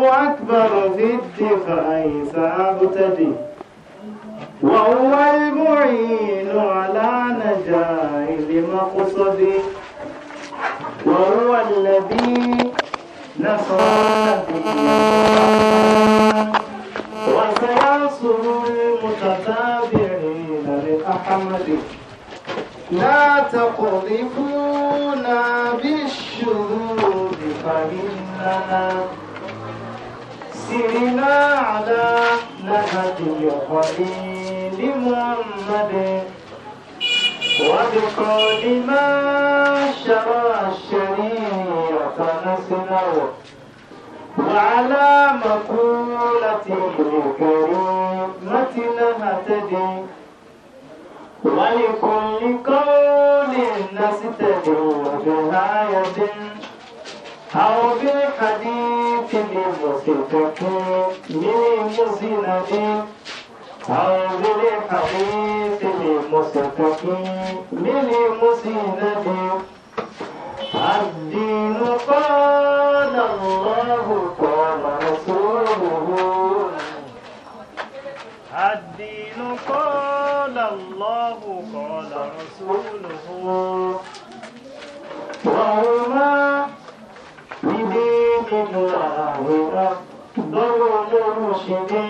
الله أكبر في الدفاع سأبتدي وهو المعين على نجاة لمقصدي وهو الذي نصر وسينصر المتتابعين لأحمد لا تقذفونا بالشذوذ فإننا سيرنا على نهج خليل محمد وبقول ما شرى الشريعة نسلو وعلى مقولة الكريمة نهتدي ولكل قول نستدل بها يدل أو بالحديث بواسطة من مسند أو بالحديث بواسطة من مسند الدين قال الله قال رسوله الدين قال الله قال رسوله وهما níbi kíkọ àwòrán lọ́wọ́ olóró ṣe ní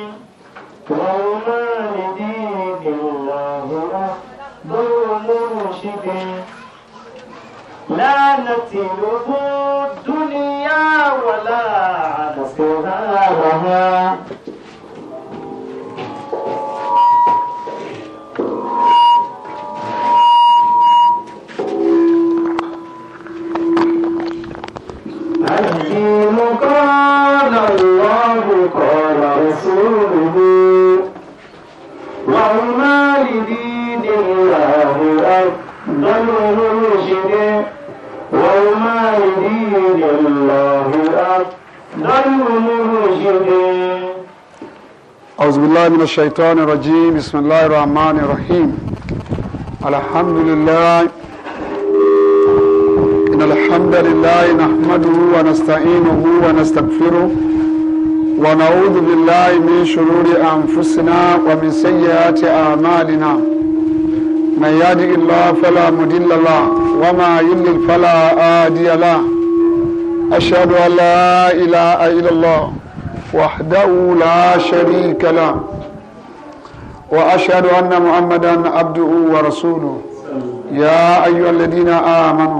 wọ́n máa lè dí ìgbìmọ̀ àwòrán lọ́wọ́ olóró ṣe ní. لعنت له الدنيا ولا على سراها الحكيم قال الله قال رسوله وما لدين الله أفضل مرشد وما لدين الله أفضل مرشد أعوذ بالله من الشيطان الرجيم بسم الله الرحمن الرحيم الحمد لله إن الحمد لله نحمده ونستعينه ونستغفره ونعوذ بالله من شرور أنفسنا ومن سيئات أعمالنا من يهد الله فلا مضل له وما يضلل فلا هادي له أشهد أن لا إله إلا الله وحده لا شريك له وأشهد أن محمدا عبده ورسوله يا أيها الذين آمنوا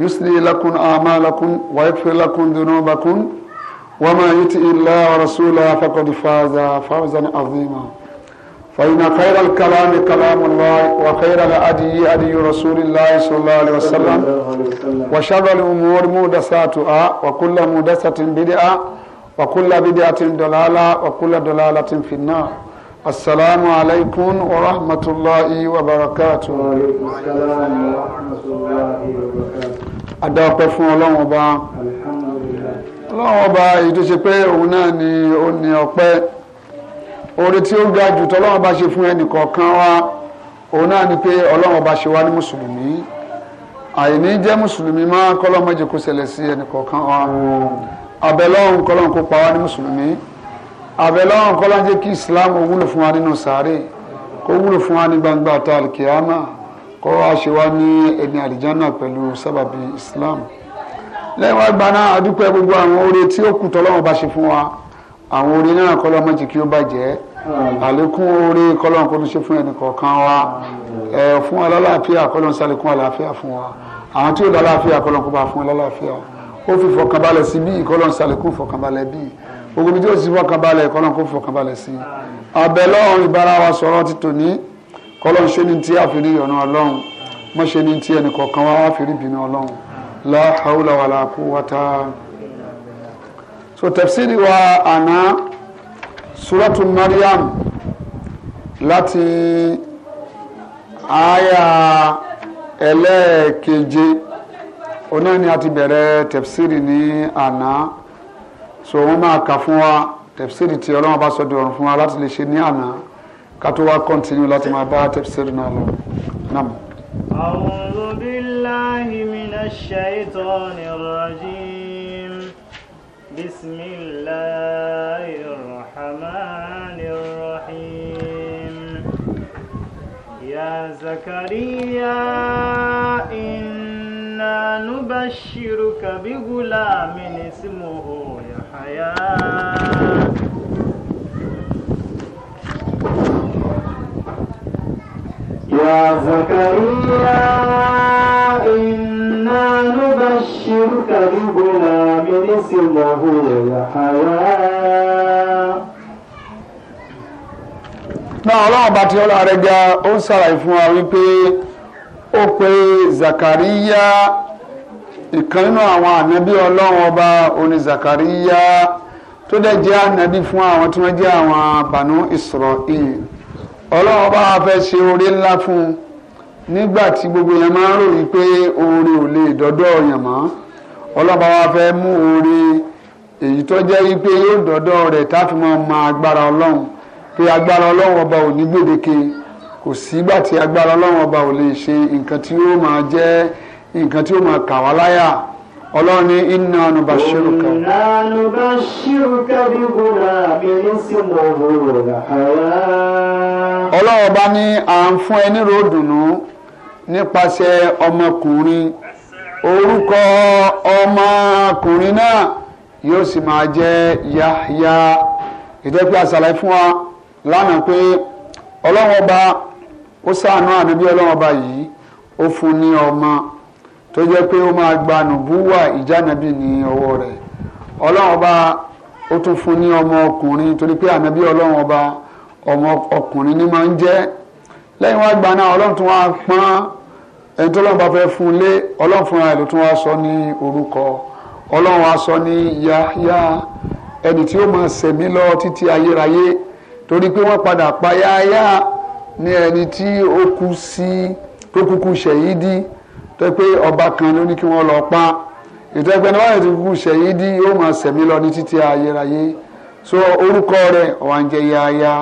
يسلي لكم أعمالكم ويغفر لكم ذنوبكم وما يطع الله ورسوله فقد فاز فوزا عظيما فإن خير الكلام كلام الله وخير الهدي هدي رسول الله صلى الله عليه وسلم وشر الأمور محدثاتها وكل محدثة بدعة وكل بدعة ضلالة وكل ضلالة في النار السلام عليكم ورحمة الله وبركاته وعليكم السلام ورحمة الله وبركاته Adáwọ̀pẹ́ fún Ọlọ́run ọba. Ọlọ́run ọba èyí tó ṣe pé òun náà ni ó ní ọpẹ́. Oore tí ó ga jù tọ́lọ́run ọba ṣe fún ẹnìkọ̀ọ̀kan wa. Òun náà ni pé Ọlọ́run ọba ṣe wá ní Mùsùlùmí. Àìní jẹ́ Mùsùlùmí máa kọ́lọ́mọ́jì kó ṣẹlẹ̀ sí ẹnìkọ̀ọ̀kan wa. Àbẹ̀lọ́run kọ́lọ́run kó pa wá ní Mùsùlùmí àbẹ̀lọ́wọ̀n kọ́lá jẹ́ kí islam wúlò fún wa nínú sàárè kó wúlò fún wa ní gbangba ta alkiyama kó wá ṣe wá ní ẹni àlìjánà pẹ̀lú sábàbí islam lẹ́yìn wá gba náà adúpẹ́ gbogbo àwọn oore tí ó kù tọ́lọ́wọ́n bá ṣe fún wa àwọn oore náà kọ́lọ́ mọ́jì kí ó bàjẹ́ àlékún oore kọ́lọ́wọ́n kó tó ṣe fún ẹnì kọ̀ọ̀kan wa ẹ̀ fún alálàáfíà kọ́lọ́wọ́n sálẹ̀kún àlàáfíà fún wa àwọn tí ó lálàáfíà kọ́lọ́wọ́n kó bá fún alálàáfíà ó fi fọkànbalẹ̀ sí bí ìkọ́lọ́wọ́n sálẹ̀kún fọkànbalẹ̀ bíi gbogbo ibi tí ó sì fọkàn balẹ̀ kọ́lọ́n kó fọkàn balẹ̀ sí i abẹ lọ́run ìbára wa sọ̀rọ̀ ti tò ní kọ́lọ́n ṣe ni tí àfìrí ìyọ̀nà ọlọ́run mọ́ ṣe ni tí ẹnì kọ̀ọ̀kan wá àfìrí ìbínú ọlọ́run la hawla wala quwwata. so tafsiri wa àná suratu Maryam láti àyà ẹlẹ́ẹ̀keje onáà ni a ti bẹ̀rẹ̀ tafsiri ní àná so wọ́n máa kà fún wa tẹ̀fsìrì tí ọlọ́run bá sọ di ọ̀run fún wa láti lè ṣe ní àná ká tó wá kọ́ntínú láti máa bá tẹ̀fsìrì náà lọ. Nam. A'udhu billahi minash shaitanir rajim. Bismillahir rahmanir rahim. Ya Zakariya inna nubashiruka bi gula ghulamin ismuhu الحياة يا زكريا إنا نبشرك بغلام اسمه يحيى náà ọlọ́run bá ti ọlọ́run rẹ̀ ga ó ń ṣàlàyé fún wa wípé ó pe Zakariya ìkan nínú àwọn ànábì ọlọ́run ọba oní Zakariya tó dẹ̀ jẹ́ ànábì fún àwọn tí wọ́n jẹ́ àwọn Banu Israel ọlọ́run ọba fẹ́ ṣe oore ńlá fún un nígbà tí gbogbo èèyàn máa ń ròyìn pé oore ò lè dọ́dọ̀ èèyàn mọ́ ọlọ́run ọba fẹ́ mú oore èyí tó jẹ́ wípé yóò dọ́dọ̀ rẹ̀ táfi mọ́ ma agbára ọlọ́run pé agbára ọlọ́run ọba ò ní gbèdéke kò sígbà tí agbára ọlọ́run ọba ò lè ṣe nǹkan tí ó máa jẹ́ nǹkan tí ó máa kà wá láyà ọlọ́run ní iná ọ̀nùbà ṣírùkà. iná ọ̀nùbà ṣírùkà bí kúrò àmì nísìmọ̀ òwúrò àyà. ọlọ́run bá ní à ń fún ẹ nírò nípasẹ̀ ọmọkùnrin orúkọ ọmọkùnrin náà yóò sì máa jẹ́ yáyá ìdẹ́gbẹ́ àṣàlàyé fún wa lánàá pé ọlọ́run ọba ó ṣàánú ànábí ọlọ́run ọba yìí ó fún ní ọmọ. tó jẹ́ pé ó máa gba nùbúwà ìjánabi ní ọwọ́ rẹ̀ ọlọ́run ọba ó tún fún ní ọmọ ọkùnrin torí pé ànábì ọlọ́run ọba ọmọ ọkùnrin ni máa ń jẹ́ lẹ́yìn wá gba náà ọlọ́run tún wá pọ́n ẹni tó lọ́nà bá fẹ́ fún un lé ọlọ́run fúnra rẹ̀ ló tún wá sọ ní orúkọ ọlọ́run wá sọ ní yáyá ẹni tí ó máa ṣẹ̀mí lọ títí ayérayé torí pé wọ́n padà pa yáyá ní ẹni tí ó kú sí tó kúkú ṣẹ̀yí dín tó ọba kan ló ní kí wọ́n lọ pa ìtẹ́pẹ́ ní wáyé ti kú sẹ́yìn dí yóò máa sẹ̀mí lọ ní títí ayérayé so orúkọ rẹ̀ ọ̀hún jẹ́ yáyá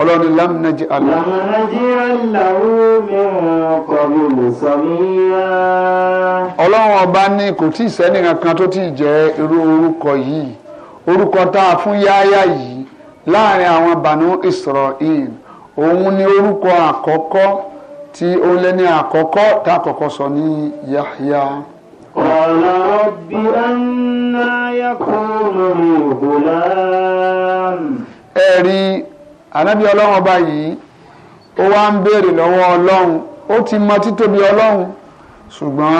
ọlọ́ni lámìnájì àlá. lámìnájì àláwó mìíràn kọ́ni lùsọ̀míyá. ọlọ́run ọba ní kò tí ì sẹ́ni kankan tó ti jẹ́ irú orúkọ yìí orúkọ tá a fún yáyá yìí láàrin àwọn bànú Israel òun ni orúkọ àkọ́kọ́ tí ó lé ní àkọ́kọ́ tá a kọ́kọ́ sọ ní Yahya. Qala rabbi anna yakunu li ghulam. ẹ rí ànábì ọlọ́run ọba yìí ó wá ń béèrè lọ́wọ́ ọlọ́run ó ti mọ títóbi ọlọ́run ṣùgbọ́n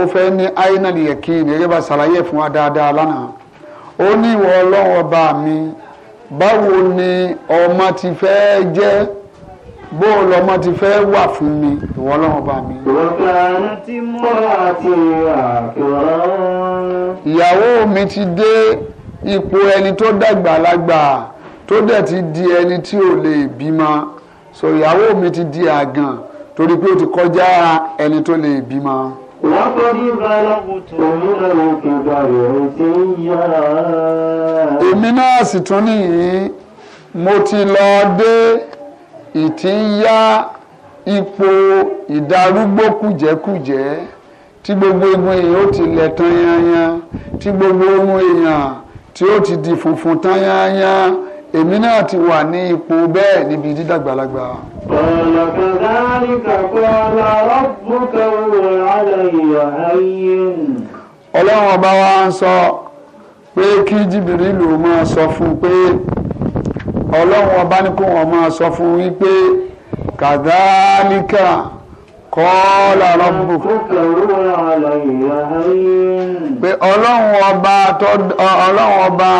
ó fẹ́ ní lè kí bá ṣàlàyé fún wa dáadáa ọba mi báwo ni ọmọ ti fẹ́ jẹ́ bó o lọmọ ti fẹ́ wà fún mi ìwọ ọlọ́run bá mi. ọ̀gá tí mo àti àkùrọ̀. ìyàwó mi ti dé ipò ẹni tó dàgbà lágbà tó dẹ̀ ti di ẹni tí ò lè bímọ so ìyàwó mi ti di àgàn torí pé ó ti kọjá ẹni tó lè bímọ. Lákọ̀dí balọ̀kùtù òmìnira òkèdà rẹ̀ ti ń yára. Èmi náà sì tún nìyí, mo ti lọ dé ìtì ń yá ipò ìdarúgbó kùjẹ́kùjẹ́ tí gbogbo egun èèyàn ó ti lẹ̀ tán yányán tí gbogbo ohun èèyàn tí ó ti di funfun tán yányán èmi náà ti wà ní ipò bẹ́ẹ̀ níbi dídàgbàlagbà. ọ̀nà kàdáàlì kàkọ́ làwọn bùkẹ́ wò aláìyá ayé nù. ọlọ́run ọba wa ń sọ pé kí jìbìrì lò máa sọ fún un pé. ọlọ́run ọba ní kó wọn máa sọ fún yín pé kàdálíkà kọ́ọ́lá rọ́bù. pé ọlọ́run ọba tó ọlọ́run ọba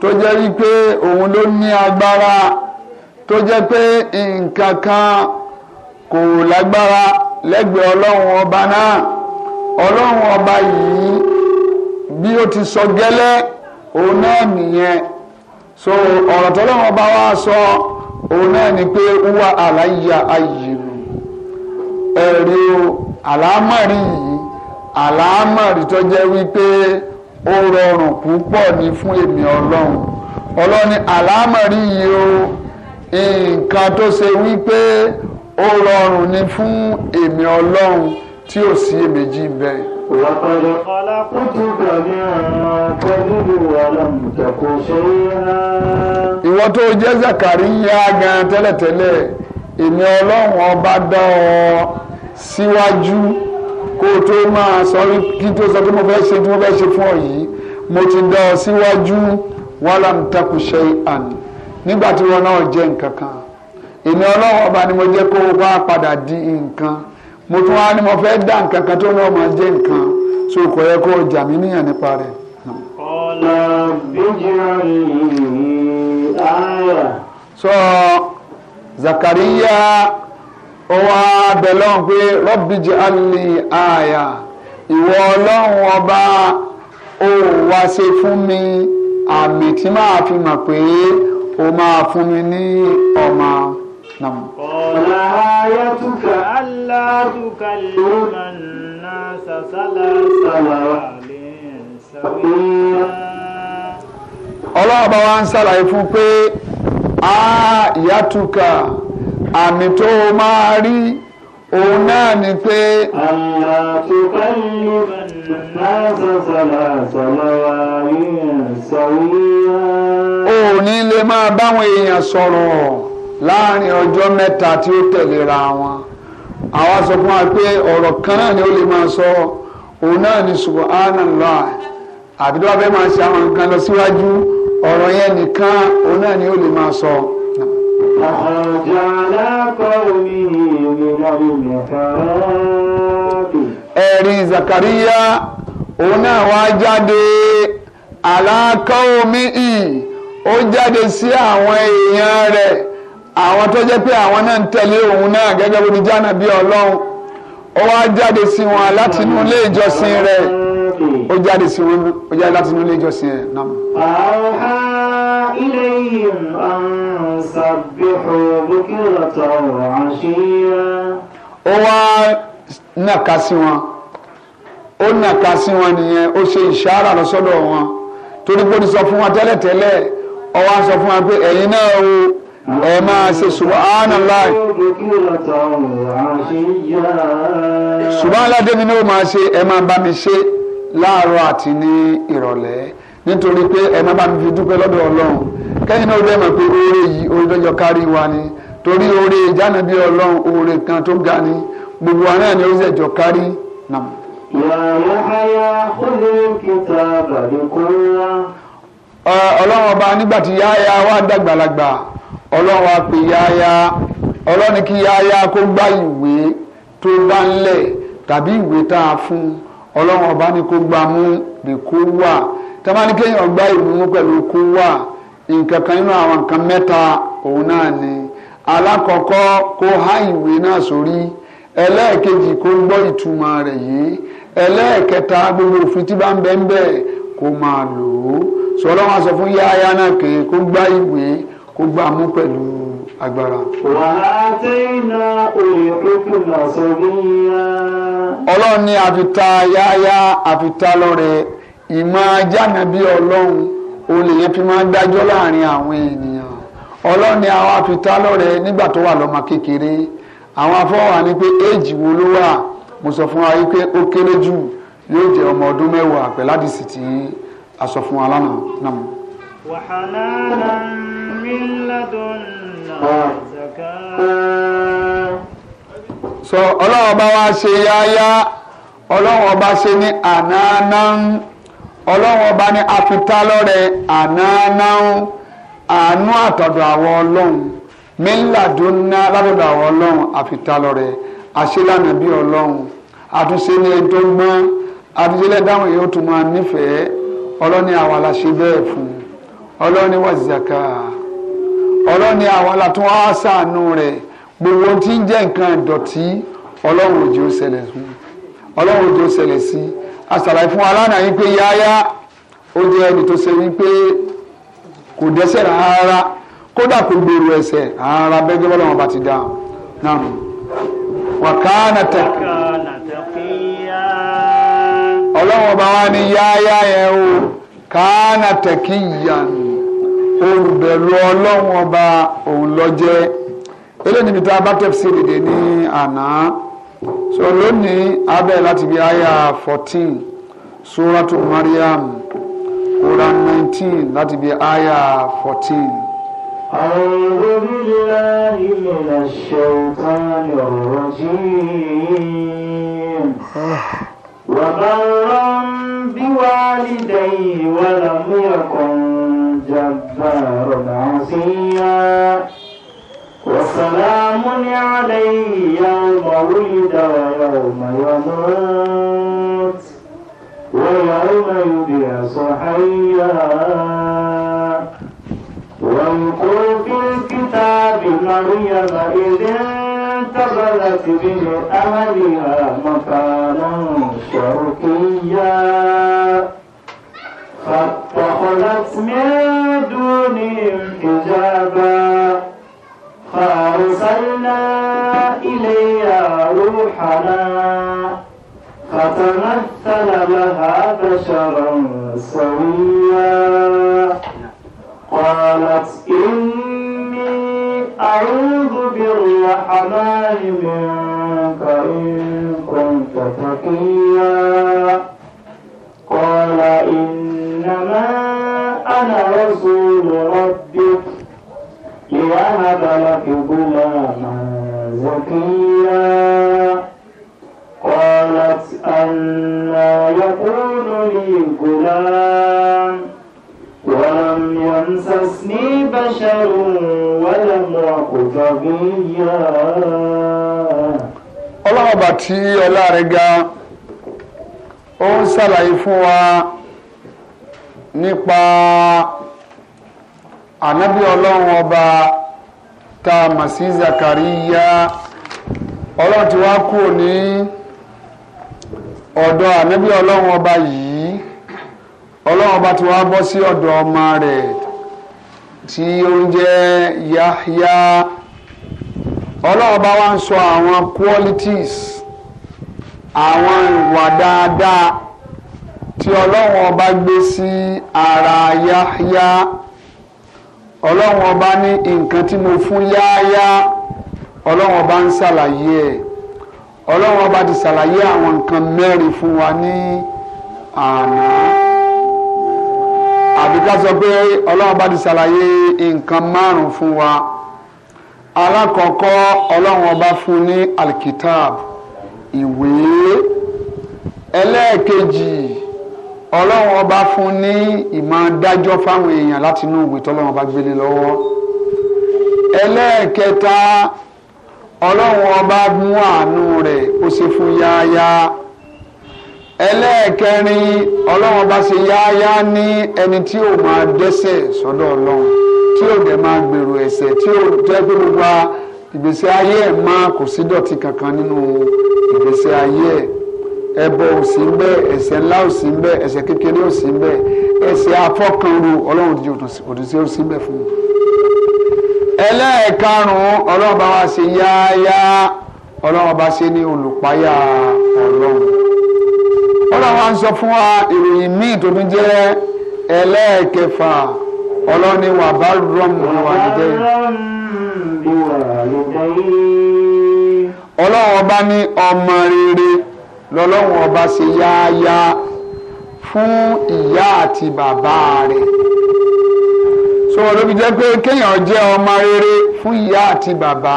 tó jẹ́ wípé òun ló ní agbára tó jẹ́ pé nǹkan kan kò lágbára lẹ́gbẹ̀ẹ́ ọlọ́run ọba náà ọlọ́run ọba yìí bí ó ti sọ gẹ́lẹ́ òun náà nìyẹn so ọ̀rọ̀ tọ́lọ́wọ́n bá wá sọ òun náà ni pé wúwa àlàyé ayélu ẹ̀rí o àlámọ̀rí yìí àlámọ̀rí tó jẹ́ wípé ó rọrùn púpọ̀ ní fún èmi ọlọ́run ọlọ́ni àlámọ̀rí yìí o nǹkan tó ṣe wípé ó rọrùn ní fún èmi ọlọ́run tí ò sí èméjì bẹ́ẹ̀. وقد خلقتك من قبل ولم تك شيئا ìwọ tó jẹ́ Zakariya gan tẹ́lẹ̀tẹ́lẹ̀ èmi ọlọ́run ọba dá ọ síwájú kó o tó máa sọ kí tó sọ pé mo fẹ́ ṣe tí mo fẹ́ ṣe fún ọ yìí mo ti dá ọ síwájú walam taku shay'an nígbà tí wọn náà jẹ́ nǹkan kan èmi ọlọ́run ọba ni mo jẹ́ kó wá padà di nǹkan mo tún wá ní mo fẹ́ dá nǹkan kan tó náà máa jẹ́ nǹkan so kò yẹ kó jà mí níyàn nípa rẹ̀. ọ̀la bíjìrì àyà. sọ Zakariya ó wá bẹ̀ lọ́hùn pé rọ́bìjì àlè àyà ìwọ ọlọ́run ọba ó wá ṣe fún mi àmì tí màá fi mọ̀ pé ó máa fún mi ní ọmọ. نعم قال آيتك ألا تكلم الناس ثلاث ليال سويا wa ń ṣàlàyé fún pé àyàtúkà àmì tó o máa rí òun náà ni pé. àyàtúkà ìlú náà sọ̀sọ̀lá sọ̀lá wa ní ìsọ̀rí. o ò ní lè máa báwọn èèyàn sọ̀rọ̀. láàrin ọjọ́ mẹ́ta tí ó tẹ̀léra wọn àwa sọ fún wa pé ọ̀rọ̀ kan náà ni ó lè máa sọ òun náà ni subhanallah àbí tó bá fẹ́ máa ṣe àwọn nǹkan lọ síwájú ọ̀rọ̀ yẹn nìkan òun náà ni ó lè máa sọ. ẹ̀rí Zakariya òun náà wá jáde aláàkọ́ omi ì ó jáde sí àwọn èèyàn rẹ̀. àwọn tó jẹ́ pé àwọn náà ń tẹ̀lé òun náà gẹ́gẹ́ bó ti jáná bí ọlọ́run ó wá jáde sí wọn láti inú ilé ìjọsìn rẹ̀ ó jáde sí wọn ó jáde láti inú ilé ìjọsìn rẹ̀ náà. àwòhá ilé yìí ń sàbíhù bókìrò tó àṣíyá. ó wá nàka sí wọn ó nàka sí wọn nìyẹn ó ṣe ìṣàrà lọ́sọ́dọ̀ wọn torí pé ó ti sọ fún wọn tẹ́lẹ̀tẹ́lẹ̀ ó wá sọ fún wọn pé ẹ̀yin náà o ẹ máa ṣe subhanallah subhanallah débi ni ó máa ṣe ẹ máa bá mi ṣe láàárọ̀ àti ní ìrọ̀lẹ́ nítorí pé ẹ máa bá mi fi dúpẹ́ lọ́dọ̀ Ọlọ́run kẹ́yìn náà bẹ́ẹ̀ mọ̀ pé oore yìí oore lọ́jọ́ kárí wa ni torí oore ìjánu bí Ọlọ́run oore kan tó ga ni gbogbo wa ni ó ṣẹjọ kárí nà. yàrá ayá ó lè kíta bàdókòó wá. Ọlọ́run ọba nígbà tí yáyà wá dàgbàlagbà. ọlọ́run wa pè yáyá ọlọ́run kí yáyá kó gbá ìwé tó bá ń lẹ̀ tàbí ìwé fún ọlọ́run ọba ní kó gbá mú kó wà tamani kéèyàn gbá ìwé mú pẹ̀lú kó wà nǹkan kan àwọn nǹkan mẹ́ta òun náà ni alákọ̀ọ́kọ́ kó há ìwé náà sórí ẹlẹ́ẹ̀kejì kó gbọ́ ìtumọ̀ rẹ̀ yìí ẹlẹ́ẹ̀kẹta gbogbo òfin tí bá ń sọ kó gbà mú pẹ̀lú agbára. wàhálà tí iná òye kókò náà sọ ọlọ́run ní àfitá yáyá àfitá lọ́rẹ ìmọ̀ ajána bí ọlọ́run olè yẹn fi máa ń láàrin àwọn ènìyàn ọlọ́run ní àwọn àfitá lọ́rẹ nígbà tó wà lọ́mọ kékeré àwọn afọwà ni pé éèjì wo ló wà mo sọ fún wa pé ó kéré jù yóò jẹ ọmọ ọdún mẹ́wàá pẹ̀lú àdìsí tí wa lánàá wàhálà náà. من لدنا زكاة so ọlọ́run ọba wa ṣe yáyá ọlọ́run ọba ṣe ní ànánáhùn ọlọ́run ọba ní afita lọ́rẹ̀ ànánáhùn àánú àtọ̀dọ̀ àwọn ọlọ́run mílàdúnná látọ̀dọ̀ àwọn ọlọ́run afita lọ́rẹ̀ àṣelànà bí ọlọ́run àtúnṣe ní ẹ̀dọ́gbọ́n àtúnṣe dáhùn yóò tún máa nífẹ̀ẹ́ ọlọ́ni àwa la ṣe bẹ́ẹ̀ fún ọlọ́ni wà ọlọ́ni àwọn látún wá sànú rẹ̀ gbogbo tí ń jẹ́ nǹkan ìdọ̀tí ọlọ́run òjò ṣẹlẹ̀ sí ọlọ́run òjò ṣẹlẹ̀ sí àṣàlàyé fún aláàánà yìí pé yáyá ó jẹ́ ẹni tó ṣe wípé kò dẹ́ṣẹ̀ rárá kódà kò gbèrú ẹ̀ṣẹ̀ rárá bẹ́ẹ̀ gẹ́gẹ́ bọ́lọ́run bá ti dá náà wàkánà tẹ̀ ọlọ́run ọba wa ni yáyá yẹn o kánà tẹ̀ kí ìyanu olùbẹ̀lú ọlọ́run ọba òun lọ́jẹ́ eléyìí níbi tá a bá tẹ̀sí dìde ní àná so lónìí abẹ́ láti bí àyà fourteen suratu Mariam Quran nineteen láti bí àyà fourteen. أعوذ بالله من الشيطان الرجيم وبرا بوالديه ولم يكن جبار عصيا وسلام علي يوم ولد ويوم يموت ويوم يبعث حيا ويقول في الكتاب مريم إذ انتظرت به أهلها مكانا شرقيا فاتخذت من دونهم حجابا فأرسلنا إليها روحنا فتمثل لها بشرا سويا قالت إني أعوذ بالرحمن منك إن كنت تقيا tí ọlá rẹ̀ ga ó ń ṣàlàyé fún wa nípa ànábì ọlọ́run ọba tá a mọ̀ sí Zakariya ọlọ́run ti wá kú ní ọ̀dọ̀ ànábì ọlọ́run ọba yìí ọlọ́run ọba ti wá bọ́ sí ọ̀dọ̀ ọmọ rẹ̀ tí ó ń jẹ́ Yahya ọlọ́run ọba wá ń sọ àwọn qualities àwọn ìwà dáadáa tí ọlọ́run ọba gbé sí ara yáyá ọlọ́run ọba ní nǹkan tí mo fún yáyá ọlọ́run ọba ń ṣàlàyé ẹ̀ ọlọ́run ọba ti ṣàlàyé àwọn nǹkan mẹ́rin fún wa ní àná àbí sọ pé ọlọ́run ọba ti ṣàlàyé nǹkan márùn-ún fún wa alákọ̀ọ́kọ́ ọlọ́run ọba fún ní alikitab ìwé ẹlẹ́ẹ̀kejì ọlọ́run ọba fún ní ìmọ̀ dájọ́ fáwọn èèyàn láti inú ìwé tọ́lọ́run ọba gbélé lọ́wọ́ ẹlẹ́ẹ̀kẹta ọlọ́run ọba mú àánú rẹ̀ ó ṣe fún yáyá ẹlẹ́ẹ̀kẹrin ọlọ́run ọba ṣe yáyá ní ẹni tí ò máa dẹ́ṣẹ̀ sọ́dọ̀ ọlọ́run tí ò dẹ̀ máa gbèrò ẹ̀ṣẹ̀ tí ò jẹ́ gbogbo a ìgbésí ayé ẹ̀ máa kò sí dọ̀tí kankan nínú ìgbésí ayé ẹ̀ ẹbọ ò sí ń bẹ ẹ̀ṣẹ̀ ńlá ò sí ń bẹ ẹ̀ṣẹ̀ kékeré ò sí ń bẹ ẹ̀ṣẹ̀ afọkànru Ọlọ́run ti òdìsí ò sí ń bẹ fún un. ẹlẹ́ẹ̀karùn-ún Ọlọ́run bá wa ṣe yáyá Ọlọ́run bá ṣe ní olùpáyà Ọlọ́run. Ọlọ́run wa ń sọ fún wa ìròyìn míì tó tún jẹ́ ẹlẹ́ẹ̀kẹfà Ọlọ́run ni wàá bá rọ̀mù wà nídẹ́yìn ọlọ́run ọba ní ọmọ rere lọ́lọ́run ọba ṣe yááyá fún ìyá àti bàbá rẹ̀ so olóbi jẹ́ pé kéèyàn jẹ́ ọmọ rere fún ìyá àti bàbá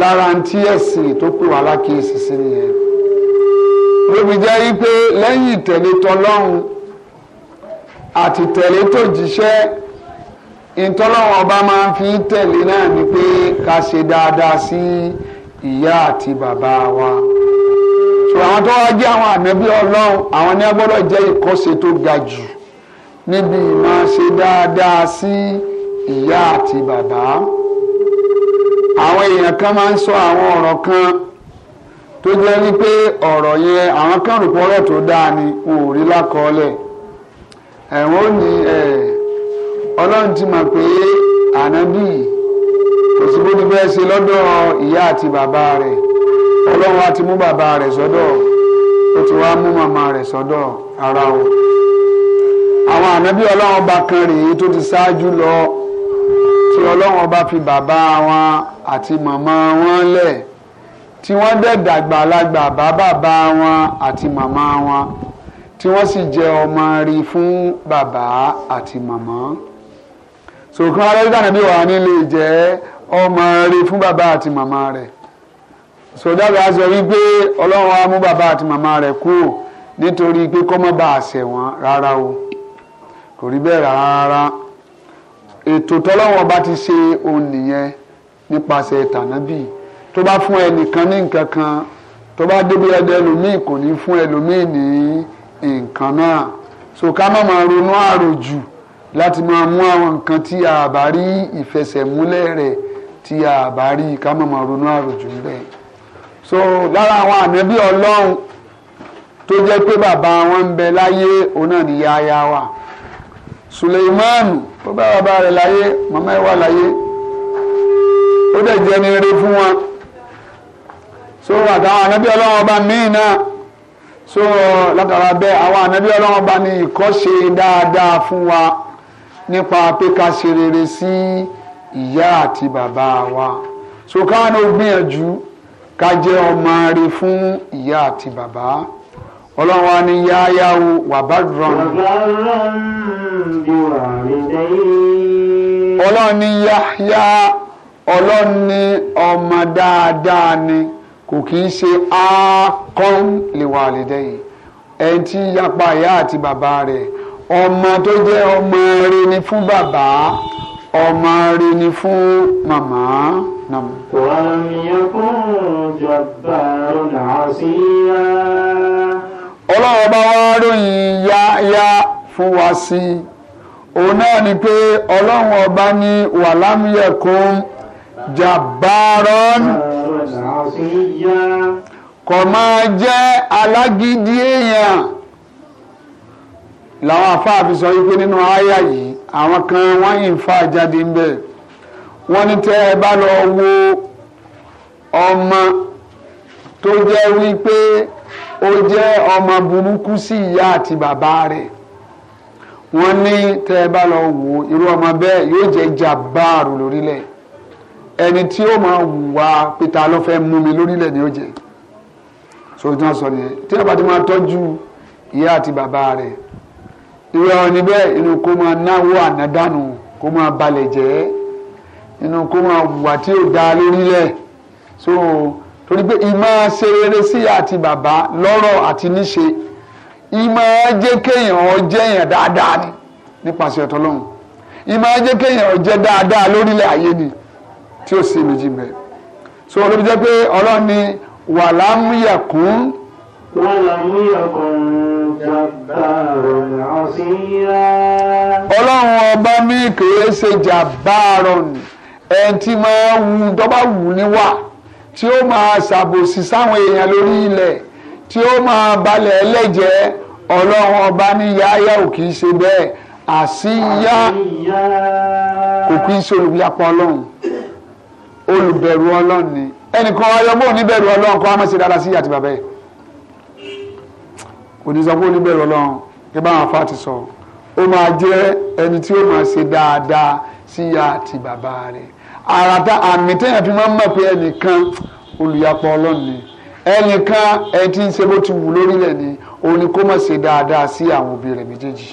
lára ntí ẹ̀sìn tó pè wá lákìyèsí sí nìyẹn olóbi jẹ́ wípé lẹ́yìn ìtẹ̀lé tọlọ́run àti tẹ̀lé tó ìtọ́lọ́wọ́n ọba máa ń fi tẹ̀lé náà ni pé ká ṣe dáadáa sí ìyá àti bàbá wa ṣùgbọ́n àwọn tó wá jẹ́ àwọn ànábí ọlọ́run àwọn ní agbọ́dọ̀ jẹ́ ìkọ́ṣe tó ga jù níbi ìmáa ṣe dáadáa sí ìyá àti bàbá àwọn èèyàn kan máa ń sọ àwọn ọ̀rọ̀ kan tó jẹ́ wípé ọ̀rọ̀ yẹn àwọn kan rò pọ́rọ̀ tó dáa ni wọn ò rí lákọọ́lẹ̀ ẹ̀wọ̀n ni ẹ̀ẹ́ ọlọ́run ti mọ̀ pé ànábì kò sí ti fẹ́ ṣe lọ́dọ̀ ìyá àti bàbá rẹ̀ ọlọ́run á ti mú bàbá rẹ̀ sọ́dọ̀ ó ti wá mú màmá rẹ̀ sọ́dọ̀ ara o àwọn ànábì ọlọ́run ọba kan rèé tó ti ṣáájú lọ tí ọlọ́run ọba fi bàbá wọn àti màmá wọn lẹ̀ tí wọ́n dẹ̀ dàgbà lágbà bàbá wọn àti màmá wọn tí wọ́n sì jẹ́ ọmọ rí fún bàbá àti màmá sòkan aráyé tànàbí wà ní lè jẹ́ ọmọ rẹ fún bàbá àti màmá rẹ̀ sòdàgbà sọ wípé ọlọ́run á mú bàbá àti màmá rẹ̀ kúrò nítorí pé kọ́mọ́ bá àṣẹ wọn rárá o kò rí bẹ́ẹ̀ rárá ètò tọ́lọ́wọ́n bá ti ṣe òun nìyẹn nípasẹ̀ tànàbí tó bá fún ẹnìkan ní nǹkan kan tó bá débi ẹdẹ ẹlòmíì kò ní fún ẹlòmíì ní nǹkan náà so ká ronú àròjù láti máa mú àwọn nǹkan tí a bá rí ìfẹsẹ̀múlẹ̀ rẹ̀ tí a bá rí ká má máa ronú àròjù rẹ̀ so lára àwọn ànábì ọlọ́run tó jẹ́ pé bàbá wọn ń bẹ láyé òun náà ni yáyá wà Suleimanu tó bá bàbá rẹ̀ láyé màmá ẹ̀ wà láyé ó dẹ̀ jẹ́ ní eré fún wọn so àtàwọn ànábì ọlọ́run ọba míì náà so látara bẹ́ẹ̀ àwọn ànábì ọlọ́run ọba ní ìkọ́ṣe dáadáa fún wa nípa pé ká ṣe rere sí ìyá àti bàbá wa so káwọn náà gbìyànjú ká jẹ́ ọmọ rere fún ìyá àti bàbá ọlọ́run wa ní yáyá o wàbádùrán. wàbádùrán bí wà mí lẹ́yìn. ọlọ́run ní yáyá ọlọ́run ní ọmọ dáadáa ni kò kì í ṣe ákọ́n lè wà lédè ẹni tí yapa ìyá àti bàbá rẹ̀ ọmọ tó jẹ́ ọmọ rere ni fún bàbá ọmọ rere ni fún màmá. ولم يكن جبارا عصيا ọlọ́run bá wá ròyìn yáyá fún wa sí i òun náà ni pé ọlọ́run ọba ní wàlámùyẹ̀kún jàbárọ́n kò máa jẹ́ alágídí èèyàn làwọn àfáà fi sọ wípé nínú àyà yìí àwọn kan wọ́n yìí ń fa jáde ń bẹ̀ wọ́n ní tẹ́ ẹ bá lọ wo ọmọ tó jẹ́ wípé ó jẹ́ ọmọ burúkú sí ìyá àti bàbá rẹ̀ wọ́n ní tẹ́ ẹ bá lọ wo irú ọmọ bẹ́ẹ̀ yóò jẹ́ jàbáàrù lórílẹ̀ ẹni tí ó máa wùwà pété alọ́fẹ́ mú mi lórílẹ̀ ni ó jẹ́ sọ̀rọ̀ tí sọ nìyẹn tí wọ́n bá ti máa tọ́jú ìyá àti bàbá rẹ̀ ìwé àwọn níbẹ̀ inú kó máa náwó ànádànù kó máa balẹ̀ jẹ́ inú kó máa wà tí ò dáa lórílẹ̀ so torí pé ìmọ̀ ṣe rere sí àti bàbá lọ́rọ̀ àti níṣe ìmọ̀ jẹ́ kéèyàn ó jẹ́ dáadáa ni nípasẹ̀ ọ̀tọ́lọ́hún ìmọ̀ jẹ́ kéèyàn ó jẹ́ dáadáa lórílẹ̀ ayé ni tí ó sì méjì bẹ́ẹ̀ so olóbi jẹ́ pé ọlọ́run ni wàlámùyàkùn ولم ọlọ́run ọba mi kìí ṣe jàbáàrọ̀n ẹni tí máa wù dọ́bà wù níwà tí ó máa ṣàbòsí sáwọn èèyàn lórí ilẹ̀ tí ó máa balẹ̀ ẹlẹ́jẹ̀ ọlọ́run ọba ní yáyá ò kìí ṣe bẹ́ẹ̀ àṣìyá kò kìí ṣe olùyapa ọlọ́run olùbẹ̀rù ọlọ́run ni ẹnìkan ọyọ́ bóun níbẹ̀rù ọlọ́run kọ́ á má ṣe dára sí àti bàbá yẹn kò ní sọ pé oníbẹ̀rù ọlọ́run kí báwọn afá ti sọ ó máa jẹ́ ẹni tí ó máa ṣe dáadáa sí ìyá àti bàbá rẹ̀ àràtà àmì téèyàn fi máa ń mọ̀ pé ẹnìkan olùyapọ̀ ọlọ́run ni ẹnìkan ẹni tí ń ṣe bó ti wù lórílẹ̀ ni òun ni kó máa ṣe dáadáa sí àwọn òbí rẹ̀ méjèèjì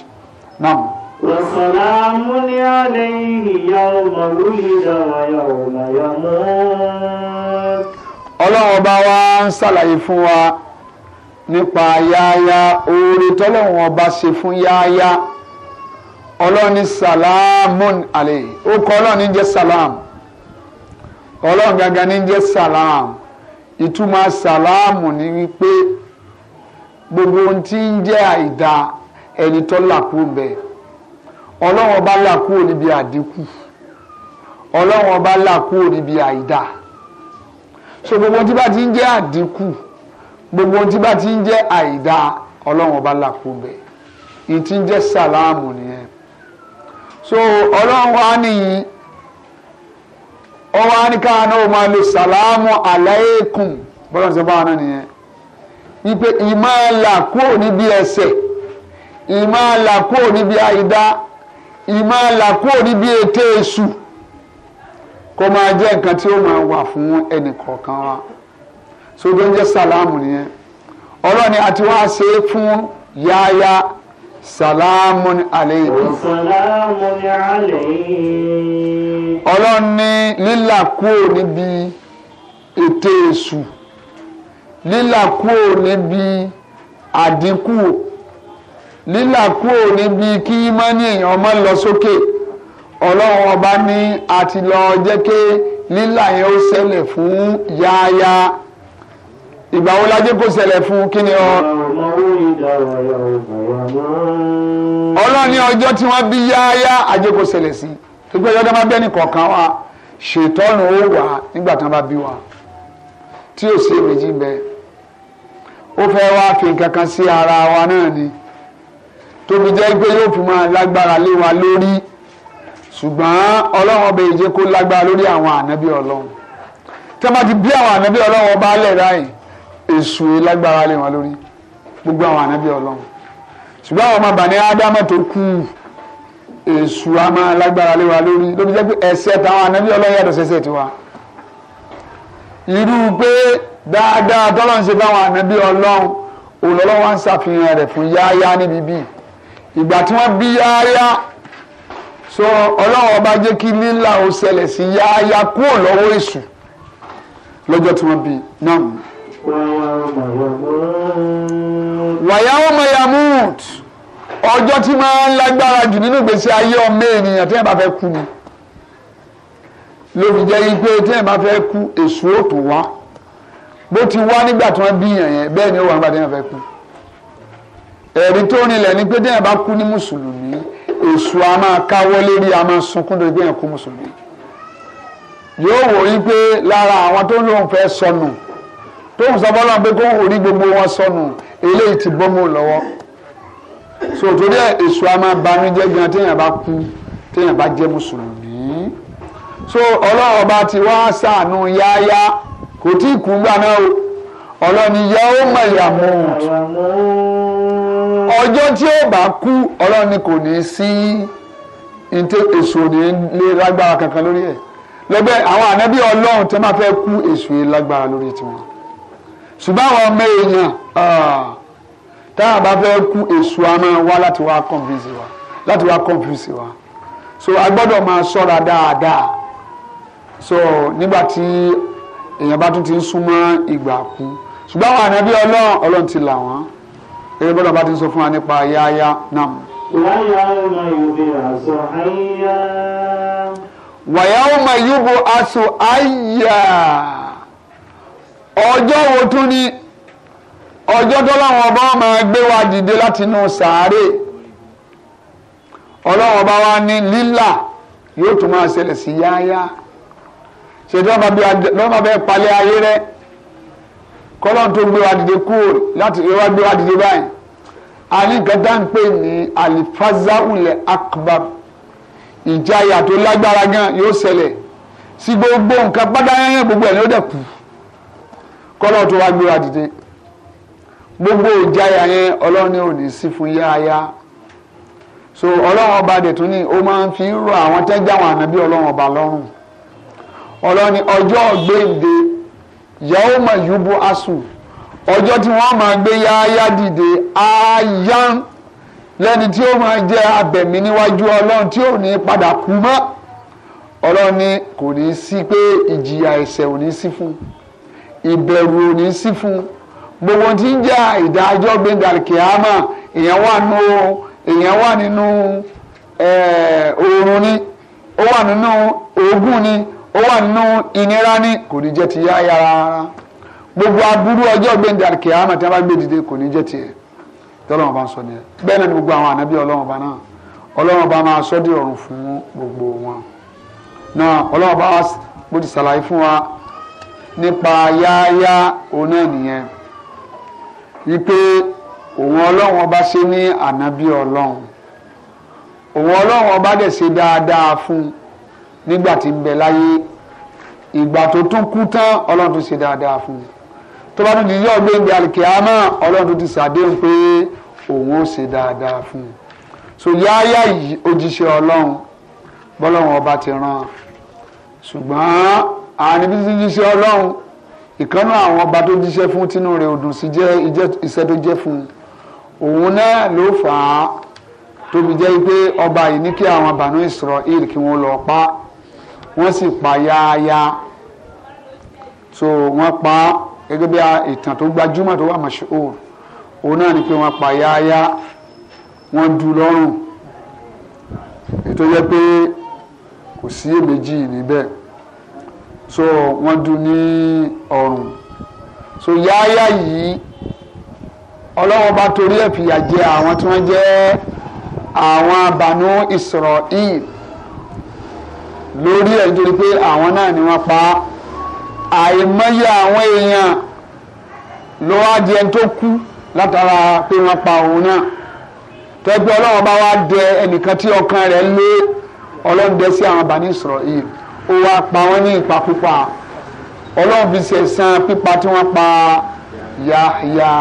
náà. وسلام عليه يوم ولد ويوم يموت. ọlọ́run ọba wa ń ṣàlàyé fún wa nípa yáyá oore tọ́lọ́run ọba ṣe fún yáyá ọlọ́ni salamun alẹ́ ó kọ́ ọlọ́ni jẹ́ salam ọlọ́run gangan ní jẹ́ salam ìtumọ̀ salamu ni wípé gbogbo ohun tí ń jẹ́ àìda ẹni tó làkú bẹ́ẹ̀ ọlọ́run ọba làkú níbi àdínkù ọlọ́run ọba làkú níbi àìda so gbogbo ohun tí bá ti ń jẹ́ àdínkù. gbogbo tí bá ti ń jẹ́ àìdá ọlọ́run ọba ti ń jẹ́ sàlámù nìyẹn so ọlọ́run wa nìyí ọwọ́ àníkà náà máa lo sàlámù aláìkùn bọ́lá ṣe náà nìyẹn ipe ìmọ̀ kúrò níbi ẹsẹ̀ ìmọ̀ kúrò níbi àìdá ìmọ̀ kúrò níbi ètè èṣù kó máa jẹ́ nǹkan tí ó máa wà fún ẹnì kọ̀ọ̀kan wa. so ló ń jẹ́ sàlámù nìyẹn ọlọ́run ni àti wọ́n á ṣe é fún yáyá sàlámù aleikum. sàlámù aleikum. ọlọ́run ní lílà kúrò níbi ètè èṣù lílà kúrò níbi àdínkù lílà kúrò níbi kí mọ́ni èèyàn máa lọ sókè ọlọ́run ọba ní àti lọ jẹ́ pé lílà yẹn ó ìgbà wo lajẹ́ kó fún kí ni ọ. ọlọ́ni ọjọ́ tí wọ́n bí yáyá ajẹ́ kó sí tó gbé ọjọ́ tó bá wa ṣètọ́nù ó wà tí wọ́n bá bí wa tí ò sí èméjì bẹ́ẹ̀ ó fẹ́ wá fi nǹkan ara wa náà ni tóbi jẹ́ pé yóò fi máa lágbára wa lórí ṣùgbọ́n ọlọ́run ìjẹ́ kó lágbára lórí àwọn ànábì ọlọ́run ti bí àwọn ànábì èṣù lágbára lé wọn lórí gbogbo àwọn ànábì ọlọ́run ṣùgbọ́n àwọn ọmọ bàní ádámà tó kú èṣù á máa lágbára lé wa lórí lóbi jẹ́ pé ẹ̀ṣẹ̀ táwọn ànábì ọlọ́run yàtọ̀ sẹ́sẹ̀ tiwa irú pé dáadáa tọ́lọ́run ṣe fáwọn ànábì ọlọ́run olọ́lọ́run wá ń ṣàfihàn rẹ̀ fún yáyá níbi bíi ìgbà tí wọ́n bí yáyá so ọlọ́run ọba jẹ́ kí lílà ó ṣẹlẹ̀ sí yáyá kúrò lọ́wọ́ èṣù lọ́jọ́ tí wọ́n bí náà wàyà ọmọ yamut ọjọ́ tí máa ń lágbára jù nínú ìgbésí ayé ọmọ ènìyàn tí ẹ bá fẹ́ kú ni lórí jẹ́ pé tí ẹ bá fẹ́ kú èso ò wá bó ti wá nígbà tí wọ́n bí yàn yẹn bẹ́ẹ̀ ni ó wà nígbà tí wọ́n fẹ́ kú ẹ̀rí tó rinlẹ̀ ni pé tí ẹ bá kú ní mùsùlùmí èso a máa káwọ́ lérí a máa sunkún lórí pé yẹn kú mùsùlùmí yóò wò yí pé lára àwọn tó lóun fẹ́ sọnù. So tó ń sọ bọ́lá pé kó ń orí gbogbo wọn sọnù eléyìí ti bọ́mọ lọ́wọ́ so torí ẹ èso a máa banújẹ́ gan téèyàn bá kú téèyàn bá jẹ́ mùsùlùmí so ọlọ́run ọba ti wá ṣàánú yáyá kò tí ì kú gbà náà o ọlọ́ni yẹ ó mọ̀ ìyàmú ọjọ́ tí ó bá kú ọlọ́ni kò ní sí ntẹ èso ní lé lágbára kankan lórí ẹ̀ lọ́gbẹ́ àwọn ànábì ọlọ́run tó máa fẹ́ kú èso yìí lágbára lórí tiwọn ṣùgbọ́n àwọn ọmọ èèyàn ah, tá a bá fẹ́ kú èṣù àmọ́ wá láti wá confuse wa láti wá confuse wa so a gbọ́dọ̀ máa ṣọ́ra dáadáa so nígbà tí èèyàn bá tún ti ń súnmọ́ ìgbà kú ṣùgbọ́n àwọn ànábí ọlọ́run ọlọ́run ti là wọ́n èyí gbọ́dọ̀ bá ti ń sọ fún wa nípa yáyá náà. wáyà ọmọ ìwé àṣọ àyà. wàyà ọmọ ìwé àṣọ àyà ọjọ́ wo tún ni ọjọ́ tó láwọn ọba máa gbé wa dìde láti inú sàárè ọlọ́wọ́n bá wa ní lílà yóò tún máa ṣẹlẹ̀ sí yáyá ṣètò ọba bẹ́ẹ̀ palẹ̀ ayé rẹ kọ́lọ́n tó gbé wa dìde kúrò láti ìwà gbé wa dìde báyìí àní nǹkan tá à ń pè ní alifazaulẹ̀ akbar ìjayà tó lágbára gan yóò ṣẹlẹ̀ sí gbogbo nǹkan pátáyányán gbogbo ẹ̀ ló dẹ̀ kù kọ́lọ́ tó wá gbéra dìde gbogbo ìjáyà yẹn ọlọ́run ní òní sí fún yáyá so ọlọ́run ọba dẹ̀tún ní ó máa ń fi rọ àwọn tẹ́jà àwọn ànábí ọlọ́run ọba lọ́rùn ọlọ́run ní ọjọ́ gbéǹde yàwó mà yúbú asù ọjọ́ tí wọ́n máa gbé yáyá dìde áyá lẹ́ni tí ó máa jẹ́ abẹ̀mí níwájú ọlọ́run tí ò ní padà kú mọ́ ọlọ́run ní kò ní sí pé ìjìyà ẹ̀ṣẹ̀ ò ní sí fún un ìbẹ̀rù ní sí fún gbogbo tí ń jẹ́ ìdájọ́ gbẹ̀ngàlì kìámà èèyàn wà nínú èèyàn wà nínú oorun ni ó wà nínú oògùn ni ó wà nínú ìnira kò ní jẹ́ ti yára rárá gbogbo aburú ọjọ́ gbẹ̀ngàlì kìámà tí wọ́n bá gbé dìde kò ní jẹ́ sọ nìyẹn bẹ́ẹ̀ náà ni gbogbo àwọn ànábì ọlọ́wọ́n bá náà ọlọ́wọ́n bá gbogbo wọn náà ọlọ́wọ́n bá bó ti nípa yáyá òun náà nìyẹn wípé òun ọlọ́run ọba ṣe ní ànábì ọlọ́run òun ọlọ́run ọba dẹ̀ ṣe dáadáa fún un nígbà tí ń bẹ láyé ìgbà tó tún kú tán ọlọ́run tó ṣe dáadáa fún un tó bá tún di yọ gbẹ̀ngbẹ̀ alikiyama ọlọ́run tó ti ṣàdéhùn pé òun ó ṣe dáadáa fún un so yáyá yìí ó jíṣẹ́ ọlọ́run bọ́lọ́run ọba ti rán ṣùgbọ́n àní bí jíṣẹ́ ọlọ́run ìkànnà àwọn ọba tó jíṣẹ́ fún tínú rẹ̀ òdùn sí jẹ́ iṣẹ́ tó jẹ́ fún òun náà ló fà á tóbi jẹ́ pé ọba yìí ní kí àwọn Banu Israel kí wọ́n lọ pa wọ́n sì pa yááyá so wọ́n pa gẹ́gẹ́ bí ìtàn tó gbajúmọ̀ tó wà mọ̀ṣúhùr òun náà ni pé wọ́n pa yááyá wọ́n dú lọ́rùn ètò yẹ pé kò sí èméjì níbẹ̀ so wọ́n dú ní ọrùn so yáyà yìí ọlọ́wọ́ bá torí ẹ̀ fìyà jẹ àwọn tí wọ́n jẹ́ àwọn Banu Israel lórí ẹ̀ nítorí pé àwọn náà ni wọ́n pa àìmọye àwọn èèyàn ló wá di ẹni tó kú látara pé wọ́n pa òun náà tẹ́gbẹ́ ọlọ́wọ́ bá wá dẹ ẹnìkan tí ọkàn rẹ̀ lé ọlọ́run dẹ sí àwọn Banu Israel ó wá pa wọ́n ní ìpakúpa ọlọ́run fi ṣe san pípa tí wọ́n pa ya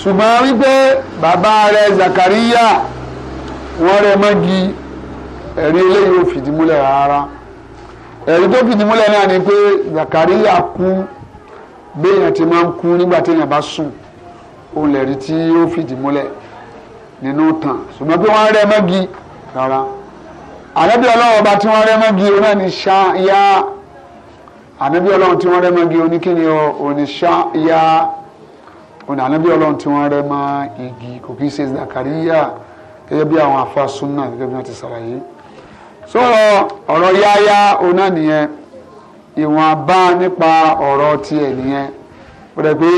ṣùgbọ́n wípé bàbá rẹ̀ Zakariya wọ́n rẹ̀ mọ́gi ẹ̀rí eléyìí ò fìdí múlẹ̀ rárá ẹ̀rí tó fìdí múlẹ̀ náà ni pé Zakariya kú béèyàn ti máa ń kú nígbà téèyàn bá sùn òun lẹ̀rí tí ó fìdí múlẹ̀ nínú tàn ṣùgbọ́n pé wọ́n rẹ̀ mọ́gi rárá ànábì ọlọ́run ọba tí wọ́n rẹ́ mọ́gi o náà ní ṣáyá ànábì ọlọ́run tí wọ́n rẹ́ mọ́gi o ní kí ni o ò ní ṣáyá òní ànábì ọlọ́run tí wọ́n rẹ́ mọ́ igi kò kí í ṣe zakariya gẹ́gẹ́ bí àwọn afa sunna gẹ́gẹ́ bí wọ́n ti ṣàlàyé sọ̀rọ̀ ọ̀rọ̀ yáyá o náà nìyẹn ìwọ̀n bá nípa ọ̀rọ̀ tiẹ̀ nìyẹn ó dẹ̀ pé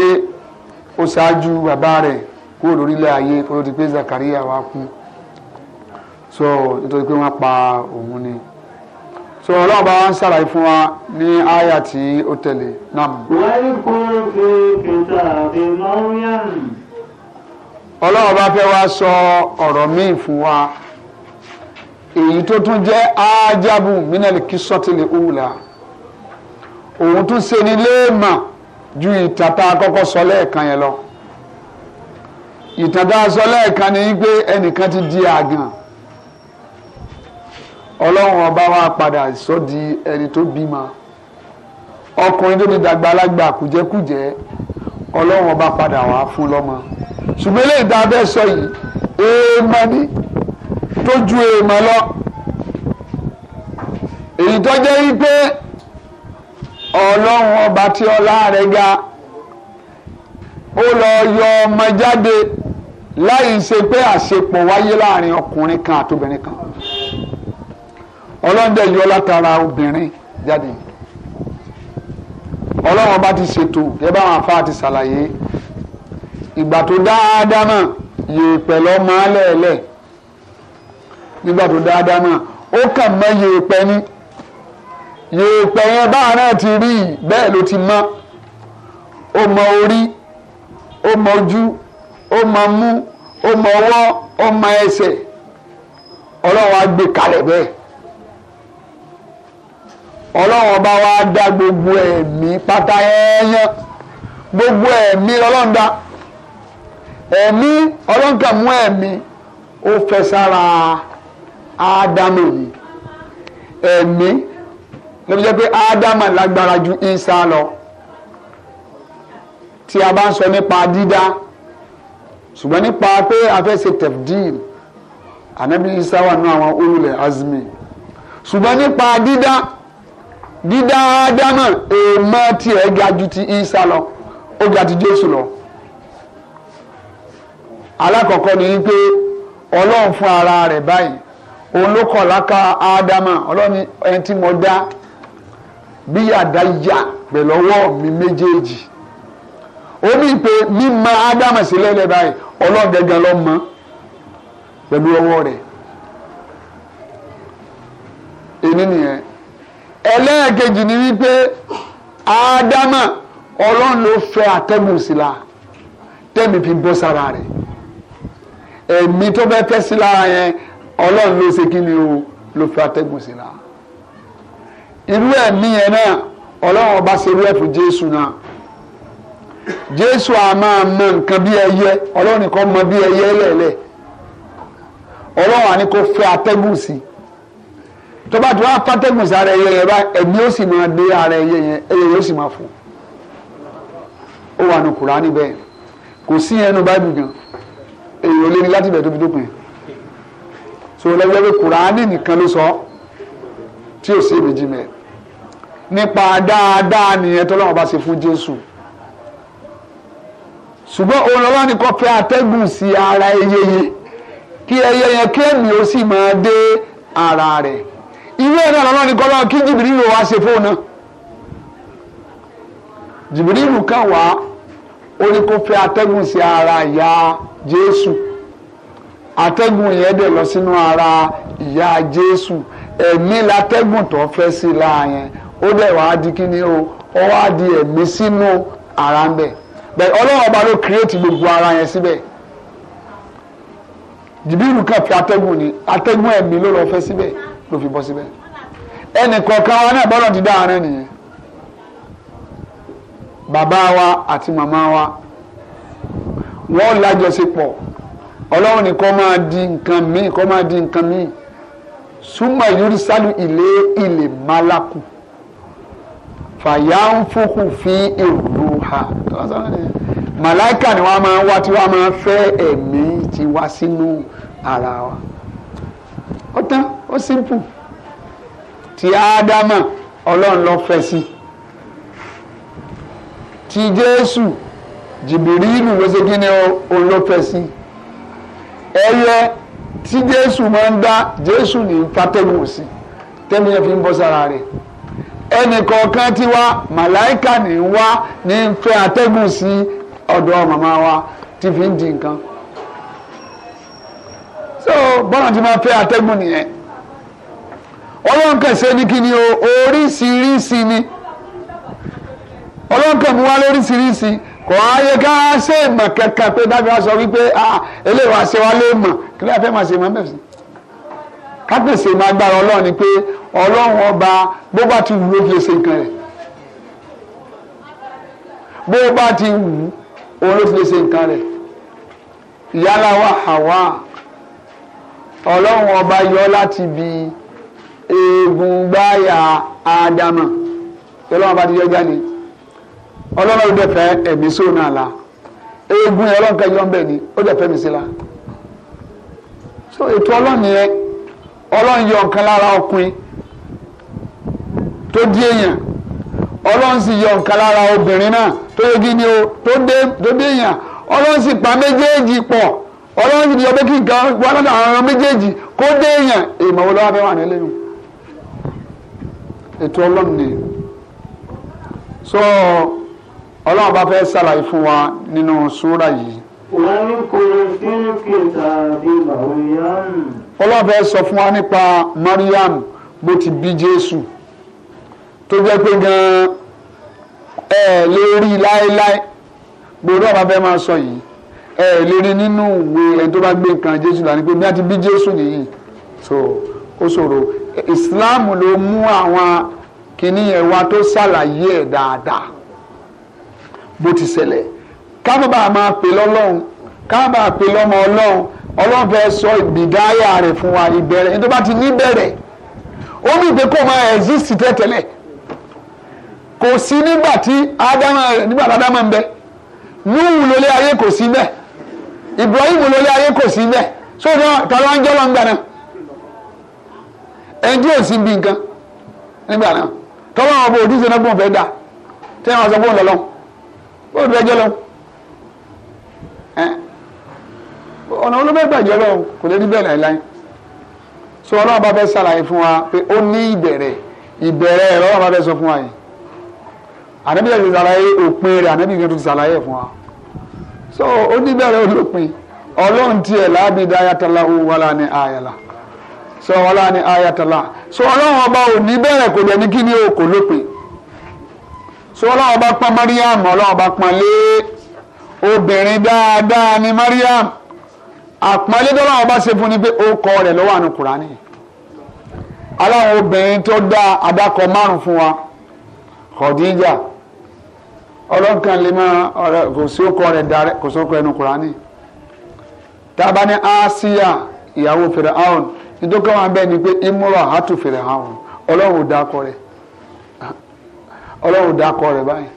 ó ṣáájú bàbá rẹ̀ kúrò lórílẹ̀ ayé kó ló ti pé zakariya wá kú so nítorí pé wọ́n pa òun ni so ọlọ́run bá ń ṣàlàyé fún wa ní àyà tí ó tẹ̀lé náà. wáyé kò fi kìtà bí mọ́ríàm. ọlọ́run bá fẹ́ wá sọ ọ̀rọ̀ míì fún wa èyí tó tún jẹ́ ájábù mínẹ́lì kí sọ́tìlẹ̀ òwúlà òun tún ṣe ní léèmà ju ìtàtà kọ́kọ́ sọ lẹ́ẹ̀kan yẹn lọ ìtàtà sọ lẹ́ẹ̀kan ni wípé ẹnìkan ti di àgàn ọlọ́run ọba wa padà sọ di ẹni tó bímọ ọkùnrin tó ti dàgbà alágbà kùjẹkùjẹ ọlọ́run ọba padà wá fún lọ́mọ ṣùgbọ́n eléyìí tá a fẹ́ sọ yìí èèmọ̀ ni tó ju èèmọ̀ lọ èyí tó jẹ́ wípé ọlọ́run ọba tí ọlá rẹ̀ ga ó lọ yọ ọmọ jáde láì ṣe pé àṣepọ̀ wáyé láàrin ọkùnrin kan àtobìnrin kan ọlọ́run dẹ̀ yọ látara obìnrin jáde ọlọ́run ọba ti ṣètò gẹ́gẹ́ bá àwọn afáà ti ṣàlàyé ìgbà tó dá Ádámà yèèpẹ̀ lọ máa lẹ́ẹ̀lẹ̀ nígbà tó dá Ádámà ó kàn mọ́ yèèpẹ̀ ni yèèpẹ̀ yẹn báwa náà ti rí bẹ́ẹ̀ ló ti mọ́ ó mọ orí ó mọ ojú ó mọ mú ó mọ ọwọ́ ó mọ ẹsẹ̀ ọlọ́run á gbé kalẹ̀ bẹ́ẹ̀ ọlọ́run ọba wa dá gbogbo ẹ̀mí pátá ẹ̀yán gbogbo ẹ̀mí ọlọ́run dá ẹ̀mí ọlọ́run kà mú ẹ̀mí ó fẹ́ sára ádámù yìí ẹ̀mí ló fi jẹ́ pé ádámù lágbára ju ìsá lọ tí a bá ń sọ nípa dídá ṣùgbọ́n nípa pé a fẹ́ ṣe tẹ̀fdíl ànábì ìsá wà nínú àwọn olùlẹ̀ azmi ṣùgbọ́n nípa dídá dídá ádámà èèmọ̀ tiẹ̀ ga ju ti Ìsá lọ ó ga ju Jésù lọ alákọ̀ọ́kọ́ ni wípé ọlọ́run fún ara rẹ̀ báyìí òun ló kọ̀ láka ádámà ọlọ́run ẹni tí mo dá bí yàda yà pẹ̀lú ọwọ́ mi méjèèjì ó ní pé mímọ ádámà sílẹ̀ lẹ́ báyìí ọlọ́run gẹ́gẹ́ ló mọ̀ pẹ̀lú ọwọ́ rẹ̀ èmi nìyẹn ẹlẹ́ẹ̀kejì ni wípé ádámà ọlọ́run ló fẹ́ àtẹ́gùn sí la tẹ́mi fi bọ́ sára rẹ̀ ẹ̀mí tó bẹ́ fẹ́ sí lára yẹn ọlọ́run ló ṣe kí ni o ló fẹ́ àtẹ́gùn la irú ẹ̀mí yẹn náà ọlọ́run ọba ṣe irú ẹ̀ fún jésù náà jésù a máa mọ nǹkan bí ẹyẹ ọlọ́run nìkan mọ bí ẹyẹ lẹ̀lẹ̀ ọlọ́run àní fẹ́ àtẹ́gùn tó bá ti wá fàtẹ́gùn sára ẹyẹ yẹn báyìí ẹ̀mí ó sì máa dé ara ẹyẹ yẹn ẹyẹ yẹn ó sì máa fò ó wà nù Kùránì bẹ́ẹ̀ kò sí ẹnu báyìí gan èyí ò lè ní láti bẹ̀ tóbi dópin so lọ́jọ́ pé Kùránì nìkan ló sọ tí ò sí èméjì mẹ́ nípa dáadáa nìyẹn tọ́lọ́wọ́n bá ṣe fún Jésù ṣùgbọ́n òun lọ́wọ́ ni kò fẹ́ atẹ́gùn sí ara ẹyẹ yẹn kí ẹyẹ yẹn kí ẹ̀mí ó sì máa dé ara rẹ̀ ìwé náà lọ́nà ní kọ́lọ́ kí jìbìrìlù wá ṣe fóun náà jìbìrìlù kan wá ó ní kó fẹ́ atẹ́gùn sí ara ìyá Jésù atẹ́gùn yẹn dẹ̀ lọ sínú ara ìyá Jésù ẹ̀mí latẹ́gùn tó fẹ́ sí la yẹn ó dẹ̀ wá di kíní o ó wá di ẹ̀mí sínú ara ń bẹ̀ bẹ́ẹ̀ ọlọ́run ọba ló kírètì gbogbo ara yẹn síbẹ̀ jìbìrìlù kan fẹ́ atẹ́gùn ni atẹ́gùn ẹ̀mí ló lọ fẹ́ síbẹ̀ ló fi bọ́ síbẹ̀ ẹnì kọ̀ọ̀kan wa náà bọ́lọ̀ ti dá ara nìyẹn bàbá wa àti màmá wa wọ́n lájọṣepọ̀ ọlọ́run ni kọ́ máa di nǹkan míì kọ́ máa di nǹkan míì súnmọ́ yorùsálù ilé ilé malaku fàyàǹfùkù fi èrò ha màláìkà ni wọ́n máa wá tí wọ́n máa fẹ́ ẹ̀mí tiwa sínú ara wa ó tán ó simple ti ádámà ọlọ́run ló fẹ́ sí ti jésù jìbìrìlù ló ṣe kíni òun ló fẹ́ sí ẹyẹ tí jésù máa ń dá jésù ní fatẹ́gùn sí tẹ́mi yẹn fi ń bọ́ sára rẹ̀ ẹnì kọ̀ọ̀kan tí wá màláìkà ní wá ní fẹ́ atẹ́gùn sí ọ̀dọ̀ màmá wa tí fi ń di nǹkan so bọ́lá ti máa fẹ́ atẹ́gùn nìyẹn ṣe ni kí ni oríṣiríṣi ni ọlọ́nkàn mú wá lóríṣiríṣi kò áyé ká ṣe ìmọ̀ kankan pé dábìá sọ wípé a ṣe wá lé kí ló fẹ́ máa ṣe máa bẹ̀rẹ̀ sí kápẹ̀sẹ̀ máa gbára ọlọ́run ọba bó bá ti wù fi ṣe nǹkan rẹ̀ bó bá ọlọ́run ọba yọ láti bi eegun gbáyà ádámà ọlọ́run ọba ti yọ jáde ọlọ́run ọba dẹ̀fẹ́ ẹ̀mí sóun náà la eegun ọlọ́run kẹyọ ń bẹ̀ ni ó dẹ̀fẹ́ mi sí la so ètò ọlọ́run yẹn ọlọ́run yọ nǹkan lára ọkùnrin tó di èèyàn ọlọ́run sì yọ nǹkan lára obìnrin náà tó yẹ kí ni o tó dé èèyàn ọlọ́run sì pa méjèèjì pọ̀. ọlọ́run ti yọ kí nǹkan wà lọ́dọ̀ àwọn méjèèjì kó dé èèyàn èèmọ̀ wo lọ́wọ́ fẹ́ nù ètò ọlọ́run ni so ọlọ́run bá fẹ́ ṣàlàyé fún wa nínú sọ fún wa nípa Mariam bó ti bí Jésù tó jẹ́ pé gan ẹ̀ sọ yìí ẹ ẹ lè rí nínú ìwé ẹni tó bá gbé nǹkan jésù lánàá pé bí wọ́n bí jésù nìyí so ó ṣòro islam ló mú àwọn kìíní yẹn wá tó ṣàlàyé ẹ̀ dáadáa bó ti ṣẹlẹ̀ kábàbà máa pè lọ́lọ́run kábàbà pè lọ́mọ ọlọ́run ọlọ́run fẹ́ sọ ìgbìdáyà rẹ̀ fún wa ìbẹ̀rẹ̀ ẹni tó bá ti ní ó ní ìpè kó máa exist tẹ́tẹ́lẹ̀ kò sí nígbà tí ádámà nígbà tí ádámà ń bẹ núhùn ayé kò sí bẹ́ẹ̀ Ibrahim lórí ayé kò sí bẹ́ẹ̀ so tọ́lọ́ ń jọ́lọ́ ń gbà náà ẹni tí yóò sí bí nǹkan nígbà náà tọ́lọ́ wọn bò ojúṣe náà bò fẹ́ dà tẹ́ wọn sọ bò lọ́lọ́ bò fẹ́ jọ́lọ́ ọ̀nà olóbẹ́ gbàjọ́ lọ kò lè rí bẹ́ẹ̀ láéláé so ọlọ́run bá fẹ́ ṣàlàyé fún wa pé ó ní ìbẹ̀rẹ̀ ìbẹ̀rẹ̀ ọlọ́run bá fẹ́ sọ fún wa yìí ànábìyẹ̀ ti ṣàlàyé òpin rẹ̀ ànábìyẹ̀ ti ṣàlàyé fún wa so oníbẹ̀rẹ̀ olópin ọlọ́run tiẹ̀ láàbí dáyàtàlá wàlá ní àyàlá so wàlá ní àyàtàlá so ọlọ́run ọba ò ní bẹ̀rẹ̀ kò lẹ́ni kí ni o kò lópin so ọlọ́run ọba pọ́n Mariam ọlọ́run ọba pọ́n lé obìnrin dáadáa ni Mariam àpọ́nlé tó ọlọ́run ọba ṣe fún ni pé ó kọ rẹ̀ lọ́wọ́ àánú Kùránì aláwọn obìnrin tó dá adákọ̀ márùn fún wa Khadija. ọlọ́kàn lè máa ọ̀rẹ́ kò sí ó kọ́ rẹ̀ darẹ́ kò sí ó kọ́ ẹnu kùránì a bá ní Asiya ìyàwó nítorí wọn bẹ́ẹ̀ ni pé imura hatu Fir'aun ọlọ́run dákọ rẹ̀ ọlọ́run dákọ rẹ̀ báyìí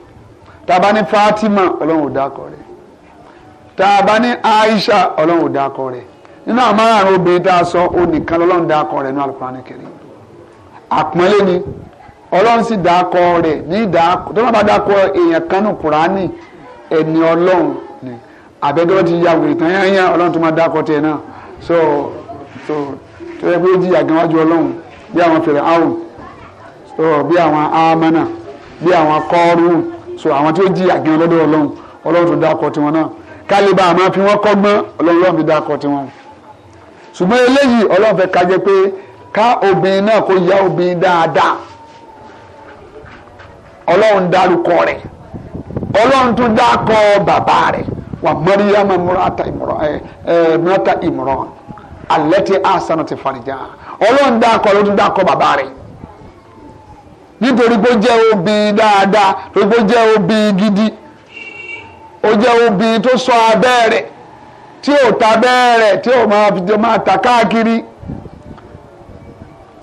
tá bá ní Fatima ọlọ́run dákọ rẹ̀ Aisha ọlọ́run dákọ rẹ̀ nínú àmọ́ àrùn obìnrin tá a sọ ó nìkan lọ́lọ́run dákọ rẹ̀ nínú ọlọ́run sì dákọ rẹ̀ ní ìdákọ tó bá dákọ èèyàn kan nù ẹni ọlọ́run ni àbẹ́dọ́ ti ya wèrè tán yányá ọlọ́run tó máa dákọ tẹ̀ náà so so tó yẹ pé ó jìyà gan wájú ọlọ́run bí àwọn fèrè áwùn so bí àwọn amánà bí àwọn kọ́ọ̀rù so àwọn tó jìyà gan lọ́dọ̀ ọlọ́run ọlọ́run tó dákọ tiwọn náà kálíbà àmọ́ fi wọ́n kọ́gbọ́n ọlọ́run lọ́run fi dákọ tiwọn ṣùgbọ́n eléyìí ọlọ́run fẹ́ ká pé ká obìnrin náà kó yá obìnrin dáadáa ọlọ́run dárúkọ rẹ̀ ọlọ́run tún dákọ bàbá rẹ̀ wà mọ́ríyámà múrata ìmọ̀ràn ẹ eh, ẹ eh, múrata ìmọ̀ràn alẹ́tí àṣàna ti fàrìjà ọlọ́run dákọ ló tún dákọ bàbá rẹ̀ nítorí pé ó jẹ́ obì dáadáa torí pé ó jẹ́ obì gidi ó jẹ́ obì tó sọ abẹ́ tí ò ta abẹ́ tí ò máa fi máa ta káàkiri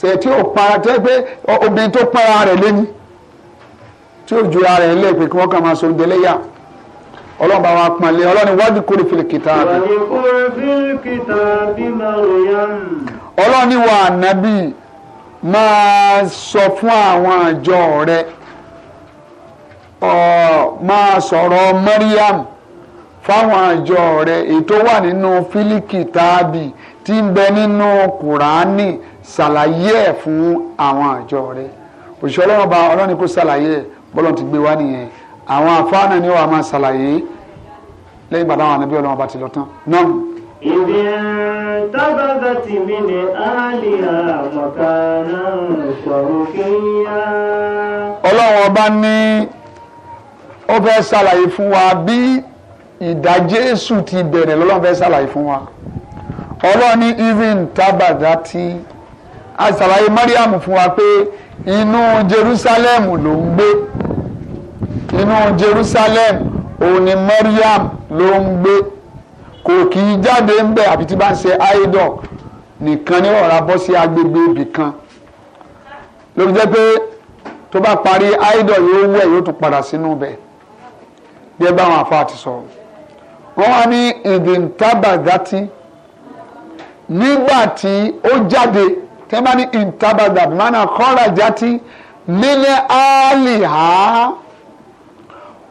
tẹ̀ tí ò para tẹ́ pé obìnrin tó para rẹ̀ lẹ́ni tí ó ju ara ẹ̀ lé pé kí wọ́n kàn máa so oúnjẹ lẹ́yà ọlọ́run bá wa pọnlé ọlọ́run wádìí kúrò fìlì kìtà bí. wádìí kúrò fìlì kìtà bí Maryam. ọlọ́run ní wa ànábì máa sọ fún àwọn àjọ rẹ̀ máa sọ̀rọ̀ Maryam fáwọn àjọ rẹ̀ ètò wà nínú fílíkì táàbì tí ń bẹ nínú kùránì ṣàlàyé ẹ̀ fún àwọn àjọ rẹ̀ òṣìṣẹ́ ọlọ́run bá ọlọ́run kò ṣàlàyé ẹ̀ bọ́lọ̀ ti gbé wá nìyẹn àwọn àfáànà ni wàá máa ṣàlàyé lẹ́yìn ìgbà táwọn ànábì ọlọ́run bá ti lọ tán náà. ìdí tábàdà tì mí ní àlìyà mọ̀kànà sọ̀rọ̀ kíyà. ọlọ́run ọba ní ó fẹ́ ṣàlàyé fún wa bí ìdá Jésù ti bẹ̀rẹ̀ lọ́lọ́run fẹ́ ṣàlàyé fún wa ọlọ́run ní even tábàdà ti a ṣàlàyé Mariam fún wa pé inú Jerusalem ló ń gbé inú Jerusalem òun ni Mariam ló ń gbé kò kì í jáde ń bẹ̀ àfi tí bá ń ṣe idol nìkan ní ọ̀rá bọ́ sí agbègbè ibì kan ló fi jẹ́ pé tó bá parí idol yóò wẹ̀ yóò tún padà sínú bẹ̀ gẹ́gẹ́ báwọn àfa ti sọ̀rọ̀ wọ́n wá ní ìdìntábàgátì nígbà tí ó jáde tẹ́lá ní ìntàbàdà mánà kọ́rajàtì nílẹ̀ áálì ha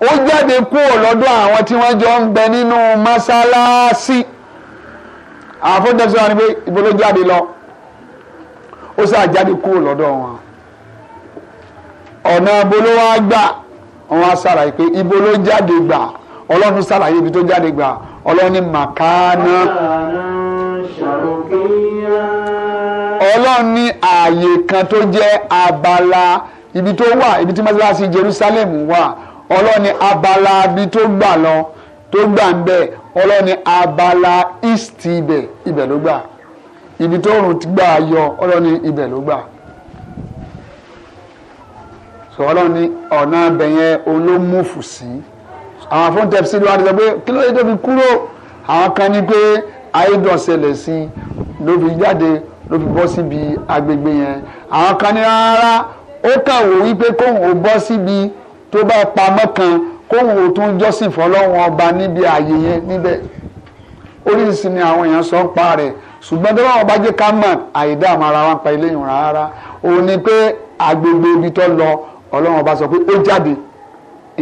ó jáde kúrò lọ́dọ̀ àwọn tí wọ́n jọ ń bẹ nínú mọ́sálásí àfọ́jọ́sọ́ wọn ni pé ibo ló jáde lọ ó sá jáde kúrò lọ́dọ̀ wọn ọ̀nà ibo ló wá gbà wọn á ṣàlàyé pé ibo jáde gbà ọlọ́run ṣàlàyé ibi tó jáde gbà ọlọ́run ní màkánà ọlọ́run ní ààyè kan tó jẹ́ abala ibi tó wà ibi tí mọ́sálásí Jerusalem wà ọlọ́run ní abala ibi tó gbà lọ tó gbà ń bẹ̀ ọlọ́run ní abala east ibẹ̀ ibẹ̀ ló gbà ibi tó rùn gbà yọ ọlọ́run ní ibẹ̀ ló gbà so ọlọ́run ní ọ̀nà ibẹ̀ yẹn òun ló múfù sí àwọn afọ́ntẹ́pì sí ló wá ti sọ pé kí ló dé tó fi kúrò àwọn kan ní pé ayédọ̀sẹ̀lẹ̀ sí ló fi jáde ló fi bọ́ síbi agbègbè yẹn àwọn kan ní rárá ó kàn wò wípé kóun ò bọ́ síbi tó bá pamọ́ kan kóun ò tún jọ́sìn fọlọ́run ọba níbi ààyè yẹn níbẹ̀ oríṣi ni àwọn èèyàn sọ ń pa rẹ̀ ṣùgbọ́n tó báwọn bá jẹ́ ká mọ̀ àìdáàmú ara wa ń pa ilé yìí rárá òun ni pé agbègbè ibi tó lọ ọlọ́run ọba sọ pé ó jáde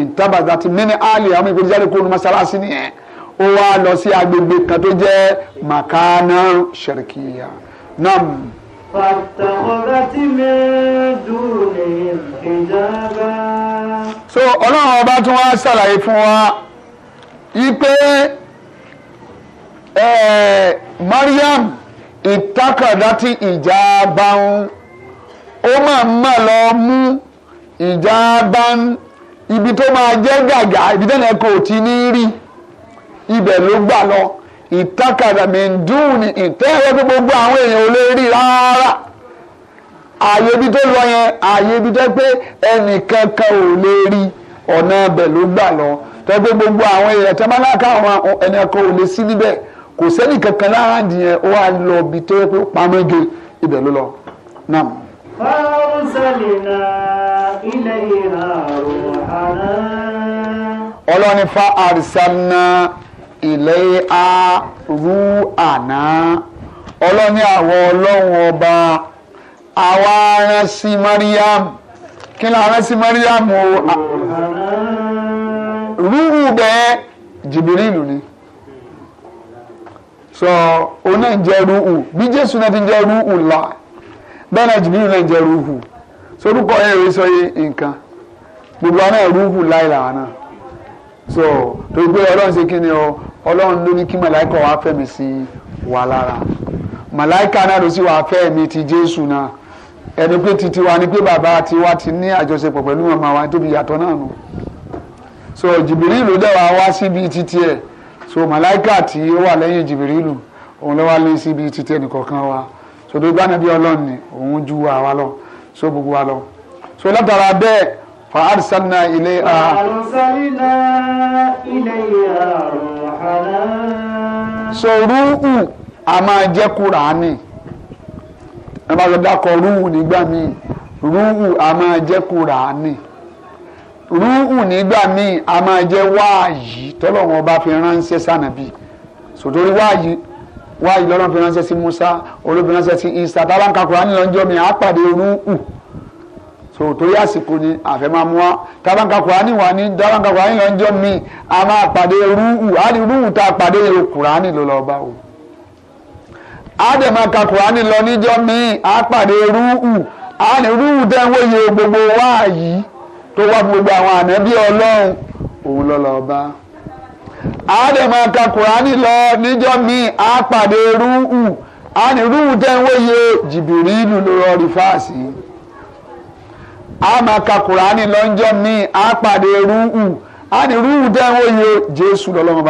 ìtàbàtà ti mí ní àlè àwọn ìgbésí jáde kó nu mọ́ṣáláṣí nìyẹn ó wá lọ sí agbègbè kan tó jẹ́ màkánà ṣèrìkìyà نعم so ọlọ́run ọba tún wá ṣàlàyé fún wa wípé Mariam ìtakàdátì ìjà bá ń ó máa ń mà lọ mú ìjà bá ń ibi tó máa jẹ́ gàgà ibi tẹ́lẹ̀ kò ti ní rí ibẹ̀ ló gbà lọ ìtàkàdàmì ń dùn ní ìtẹ́wọ́ pé gbogbo àwọn èèyàn ò lè rí rárá ààyè ibi tó lọ yẹn ààyè ibi tó pé ẹnìkan ò lè rí ọ̀nà ibẹ̀ ló gbà lọ tó pé gbogbo àwọn èèyàn tó máa láka àwọn ẹnìkan ò lè sí níbẹ̀ kò sẹ́ni kankan lára nìyẹn ó wá lọ ibi tó yẹ pamọ́ ge ibẹ̀ ló lọ nam. ọlọ́ni fa àrísà náà ilẹ̀ arú àná ọlọ́ni àwọn ọlọ́run ọba àwa rán sí Mariam kí ni àrán sí Mariam o rúrú bẹ́ẹ̀ jìbìrìlù ni sọ òun náà ń jẹ rúhù bí Jésù náà ti ń jẹ rúhù là bẹ́ẹ̀ náà jìbìrìlù náà jẹ rúhù sorúkọ ẹ̀ sọ yé nǹkan gbogbo àwọn rúhù láìláà náà so torí pé ọlọ́run ṣe kí ni o ọlọ́run ló ní kí màláìka wàá fẹ́ mi sí wa lára màláìka náà ló sì wàá fẹ́ mi ti jésù náà ẹni pé titi wa ni pé bàbá tiwa ti ní àjọṣepọ̀ pẹ̀lú màmá wa tóbi yàtọ̀ náà nù so jìbìrì ló dẹ̀ wá wá síbi titi ẹ̀ so màláìka tí ó wà lẹ́yìn jìbìrì lù òun ló wá lé síbi titi ẹnìkọ̀ọ̀kan wa so tó gbá nàbí ọlọ́run ni òun ju àwa lọ so gbogbo wa lọ so látara bẹ́ẹ̀ فأرسلنا إليها فأرسلنا إليها روحنا sòrúù a máa jẹ́ kúránì ẹ bá lọ dákọ rúù nígbà míì rúù a máa jẹ́ kúránì rúù nígbà míì a máa jẹ́ wáàyí tọ́lọ́wọ́n bá fi ránṣẹ́ sànàbí sòtórí wáàyí wáàyí lọ́lọ́run fi ránṣẹ́ sí so torí àsìkò ni àfẹ́ máa mú wa tábàǹkà kùránì wà ní tábàǹkà kùránì lọ a máa pàdé rúhù á ní rúhù tá a pàdé kùránì ló lọ bá o a dẹ̀ máa ka kùránì pàdé rúhù ní rúhù gbogbo wá yìí tó wá gbogbo àwọn ànábì ọlọ́run òun ló lọ bá dẹ̀ máa ka kùránì lọ níjọ́ pàdé rúhù ní a máa ka lọ lọ́njọ́ míì á pàdé rúù á ní rúù tẹ́ ń wòye jésù lọ́lọ́mọ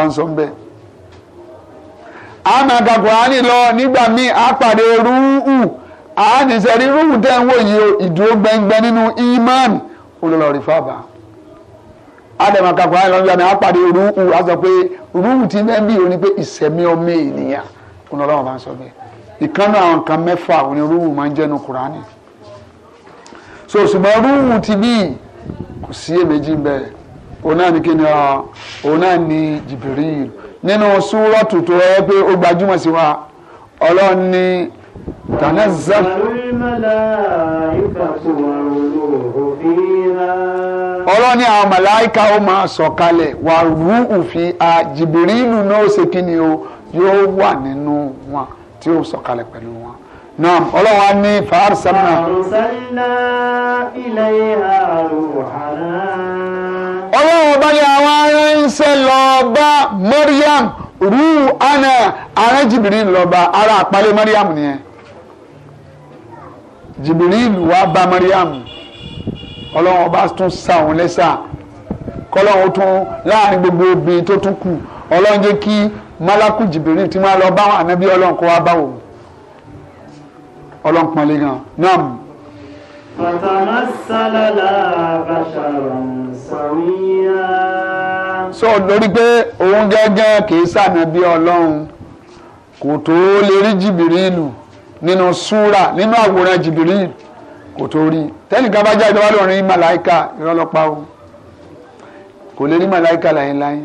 a máa lọ nígbà míì á pàdé rúù á ní sẹ́rí rúù ìdúró nínú olùlọ́rí lọ́njọ́ míì á pàdé á sọ pé ti bí òní pé ìsẹ̀mí ọmọ ènìyàn olùlọ́mọ bá ń sọ bẹ́ẹ̀ ìkànnì àwọn kan mẹ́fà òní máa ń jẹ́nu so ṣùgbọ́n rúùmù ti bí kò sí èméjì bẹ́ẹ̀ òun náà ní kíni ọ òun náà ní Jibril nínú súrọ́tù tó rẹ́ pé ó gbajúmọ̀ sí wa ọlọ́run ní tanazzal. ọlọ́run ní àwọn màláìka ó máa sọ̀kalẹ̀ wà rú òfin a Jibrilu náà ó ṣe kíni o yóò wà nínú wọn tí ó sọ̀kalẹ̀ pẹ̀lú wọn naam ọlọ́run á ní fàárì sẹ́mínà. àrùsálínà ilẹ̀ àrùhàrá. ọlọ́run ọba ni àwọn aránsẹ́ lọ bá Mariam rú àná aránjìbìrì lọ́ba ara àpálẹ̀ Mariam nìyẹn jìbìrìlù wá bá Mariam ọlọ́run ọba tún sa òun lẹ́sà kọ́lọ́run tún láàrin gbogbo obìnrin tó tún kù ọlọ́run jẹ́ kí málákù jìbìrìlù tí wọ́n lọ bá ọlọ́run pọ́nlé gan náà. fàtàmà sálálà bàṣàrà sàwíyá. sọ lórí pé òun gẹ́gẹ́ kì í sànàbí ọlọ́run kò tó lè rí jìbìrìlù nínú súrà nínú àwòrán jìbìrìlù kò tó rí tẹ́nìkan bá jáde wá lọ́rin màláìka ìrọ́lọ́pàá o kò lè rí màláìka láyéláyé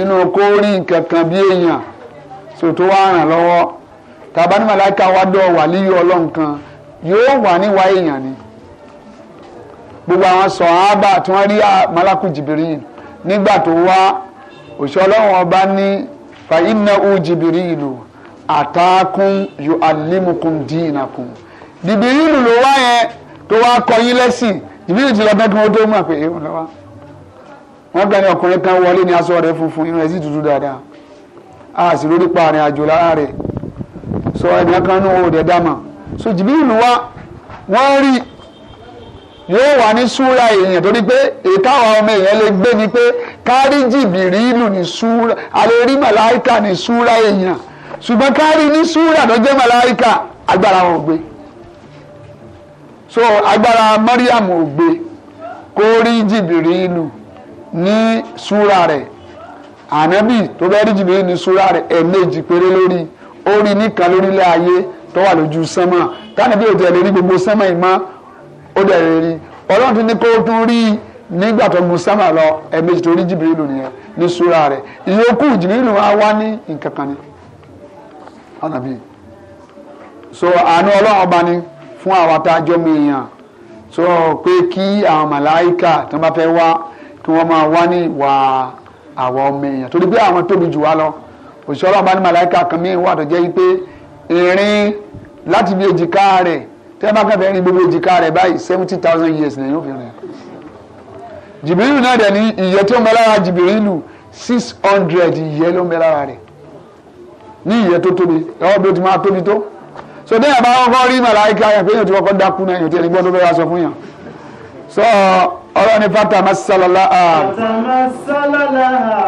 inú kó rí bí èèyàn sòtó wá ràn lọ́wọ́ tàbá ní màláìka wá dọ̀ wà níyì ọlọ́run kan yóò wà níwá èèyàn ni gbogbo àwọn sọ̀hábà tí wọ́n rí malaku jìbìrìl nígbà tó wá òṣìṣẹ́ ọlọ́run ọba ní fàyínà u jìbìrìl àtàkùn yóò alimukum dìínàkùn jìbìrìl ló wá yẹn tó wá kọ́ yín lẹ́sìn jìbìrìl ti lọ bẹ́ẹ̀ kí wọ́n tó mọ̀ pé èèyàn lọ́wọ́ wọ́n gbà ní ọkùnrin kan wọlé ní aṣọ rẹ̀ funfun inú rẹ̀ sì dúdú dáadáa a sì lórí pa àrìn àjò lára rẹ̀ so ẹnìkan kan ní wọn ò dẹ̀ dá mà so jibiri wa wọ́n rí yóò wà ní súra èèyàn torí pé ìtawà ọmọ èèyàn lè gbé ni pé kárí jìbìrìlù ní súra alẹ́ rí màláìka ní súra èèyàn ṣùgbọ́n kárí ní súra tó màláìka agbára wọn gbé so agbára Mariam ò gbé kó rí jìbìrìlù ní súra rẹ̀ ànábì tó bẹ́ẹ̀ rí jìbìrìlù ní súra rẹ̀ ẹ̀ẹ̀mejì péré lórí ó rí nìkan lórílẹ̀ ayé tó wà lójú sánmà tánàbí òtí ẹ̀ lè rí gbogbo sánmà yìí mọ́ ó dẹ̀ lè rí ọlọ́run tún ní kó tún rí nígbà tó gun sánmà lọ ẹ̀ẹ̀mejì tó rí jìbìrìlù nìyẹn ní súra rẹ̀ ìyókù jìbìrìlù wa wá ní nǹkan kan ni tánàbí so àánú ọlọ́run ọba ni fún àwa tá mi èèyàn so pé kí àwọn màláìkà tó bá fẹ́ wá kí wọ́n máa wá ní ìwà àwọn ọmọ èèyàn torí pé àwọn tóbi jù wá lọ òṣìṣẹ́ ọlọ́run bá ní màláìka kan mí wà tó jẹ́ wípé ìrìn láti bí èjìká rẹ̀ tẹ́ bá kẹfẹ́ rìn gbogbo èjìká rẹ̀ báyìí seventy thousand years lẹ́yìn òfin rẹ̀ jìbìrìlù náà dẹ̀ ní ìyẹ́ tó ń bẹ lára jìbìrìlù six hundred ìyẹ́ ló ń bẹ lára rẹ̀ ní ìyẹ́ tó tóbi ẹ̀wọ́n bí ó ti máa tóbi tó so déyà bá wọn kọ́ rí màláìka yẹn pé èèyàn ti kọ́kọ́ dákú náà èèyàn ti ẹni gbọ́dọ̀ bẹ́ẹ̀ wá sọ fún yàn so ọ̀rọ̀ ní fata masalala a. fata masalala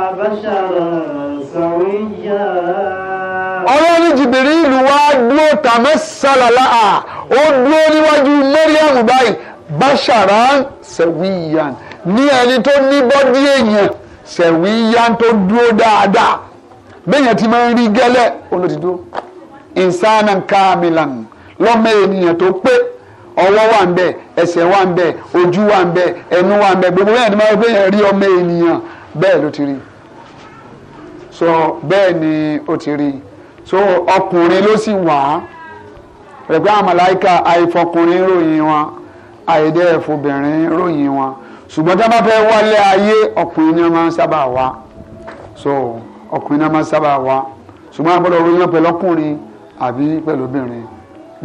abashara sawiya. ọ̀rọ̀ ní jìbìrì ìlú wa dúró tàmí sálàlá a ó dúró níwájú mẹ́ríàmù báyìí bashara sawiya ní ẹni tó ní bọ́dí èèyàn sawiya tó dúró dáadáa bẹ́ẹ̀yàn ti máa ń rí gẹ́lẹ́ olódìdó insana kamilan lọ́mọ ènìyàn tó pé ọwọ́ wà ń bẹ̀ ẹsẹ̀ wà ń bẹ̀ ojú wà ń bẹ̀ ẹnu wà ń bẹ̀ gbogbo bẹ́ẹ̀ ni wọ́n fẹ́ rí ọmọ ènìyàn bẹ́ẹ̀ ló ti rí so bẹ́ẹ̀ ni ó ti rí so ọkùnrin ló sì wà á rẹ̀pẹ́ àwọn àìfọkùnrin ròyìn wọn àìdẹ́ ròyìn wọn ṣùgbọ́n tá a bá fẹ́ wálé ayé ọkùnrin náà máa ń sábà wá so ọkùnrin náà máa ń sábà wá ṣùgbọ́n àgbọ̀dọ̀ ròyìn pẹ̀lú ọkùnrin àbí pẹ̀lú obìnrin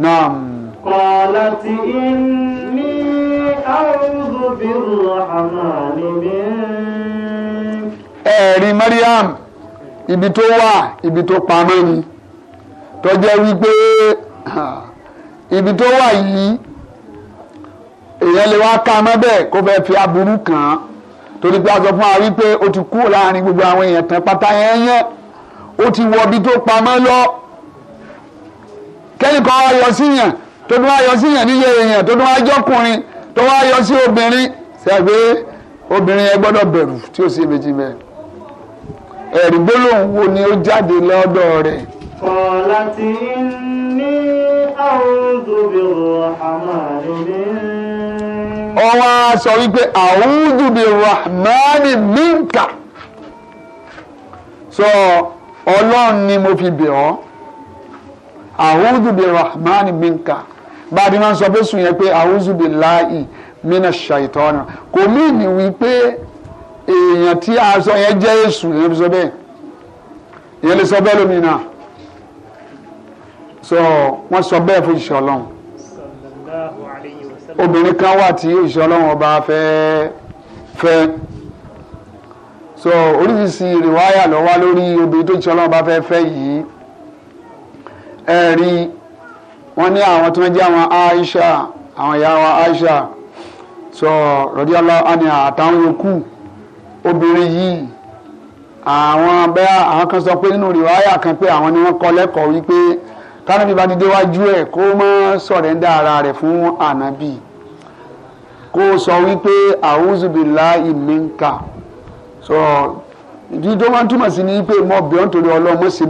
náà. قالت إني أعوذ بالرحمن منك ẹ̀rí Mariam ibi tó wà ibi tó pamọ́ ni tó jẹ́ wípé ibi tó wà yìí èèyàn lè wá ká mọ́ bẹ́ẹ̀ kó fẹ́ fi aburú kàn án torí pé a sọ fún wa wípé ó ti kú láàrin gbogbo àwọn èèyàn tán pátá yẹn yẹn ó ti wọ ibi tó pamọ́ lọ kẹ́nìkan ayọ̀ síyàn tó tún wá yọ sí yàn níyẹ èèyàn tó tún wá jọkùnrin tó wá yọ sí obìnrin ṣàgbé obìnrin yẹn gbọ́dọ̀ bẹ̀rù tí ó sì méjì bẹ́ẹ̀ ẹ̀rí gbólóhùn wo ni ó jáde lọ́dọ̀ rẹ̀. kọ̀ọ̀lá tí ní àwùjọ bí mi. ó wá sọ wípé àwùjọ bí rahmani minka sọ ọlọ́run ni mo fi bẹ̀ ọ́ àwùjọ bí rahmani minka. So, bá a ti máa ń sọ pé sùn yẹn pé àwùjọ bíi láàyè mina ṣàìtọ́nà kò míìnì wípé èèyàn tí a sọ yẹn jẹ́ èṣù èèyàn lè sọ bẹ́ẹ̀ èèyàn lè sọ bẹ́ẹ̀ lómìnira so wọ́n sọ bẹ́ẹ̀ fún ìṣẹ́ ọlọ́run obìnrin kan wà tí ìṣẹ́ ọlọ́run ọba fẹ́ fẹ́ so oríṣiríṣi rìwáyà ló wà lórí obìnrin tó ìṣẹ́ ọlọ́run ọba fẹ́ fẹ́ yìí ẹ̀rí wọ́n ní àwọn tó ń jẹ́ àwọn Aisha àwọn ìyá wa Aisha sọ rọ̀díọ́lá àni àtàwọn yòókù obìnrin yìí àwọn bẹ́ẹ̀ àwọn kan sọ pé nínú rìwáyà kan pé àwọn ni wọ́n kọ́ lẹ́kọ̀ọ́ wípé kánábì bá ti déwájú ẹ̀ kó má sọ̀rẹ́ndà ara rẹ̀ fún ànábì kó sọ wípé àwùzùbìlá ìmínkà sọ ìdí tó máa ń túmọ̀ sí ni pé mọ̀ bíọ́n torí ọlọ́mọ sí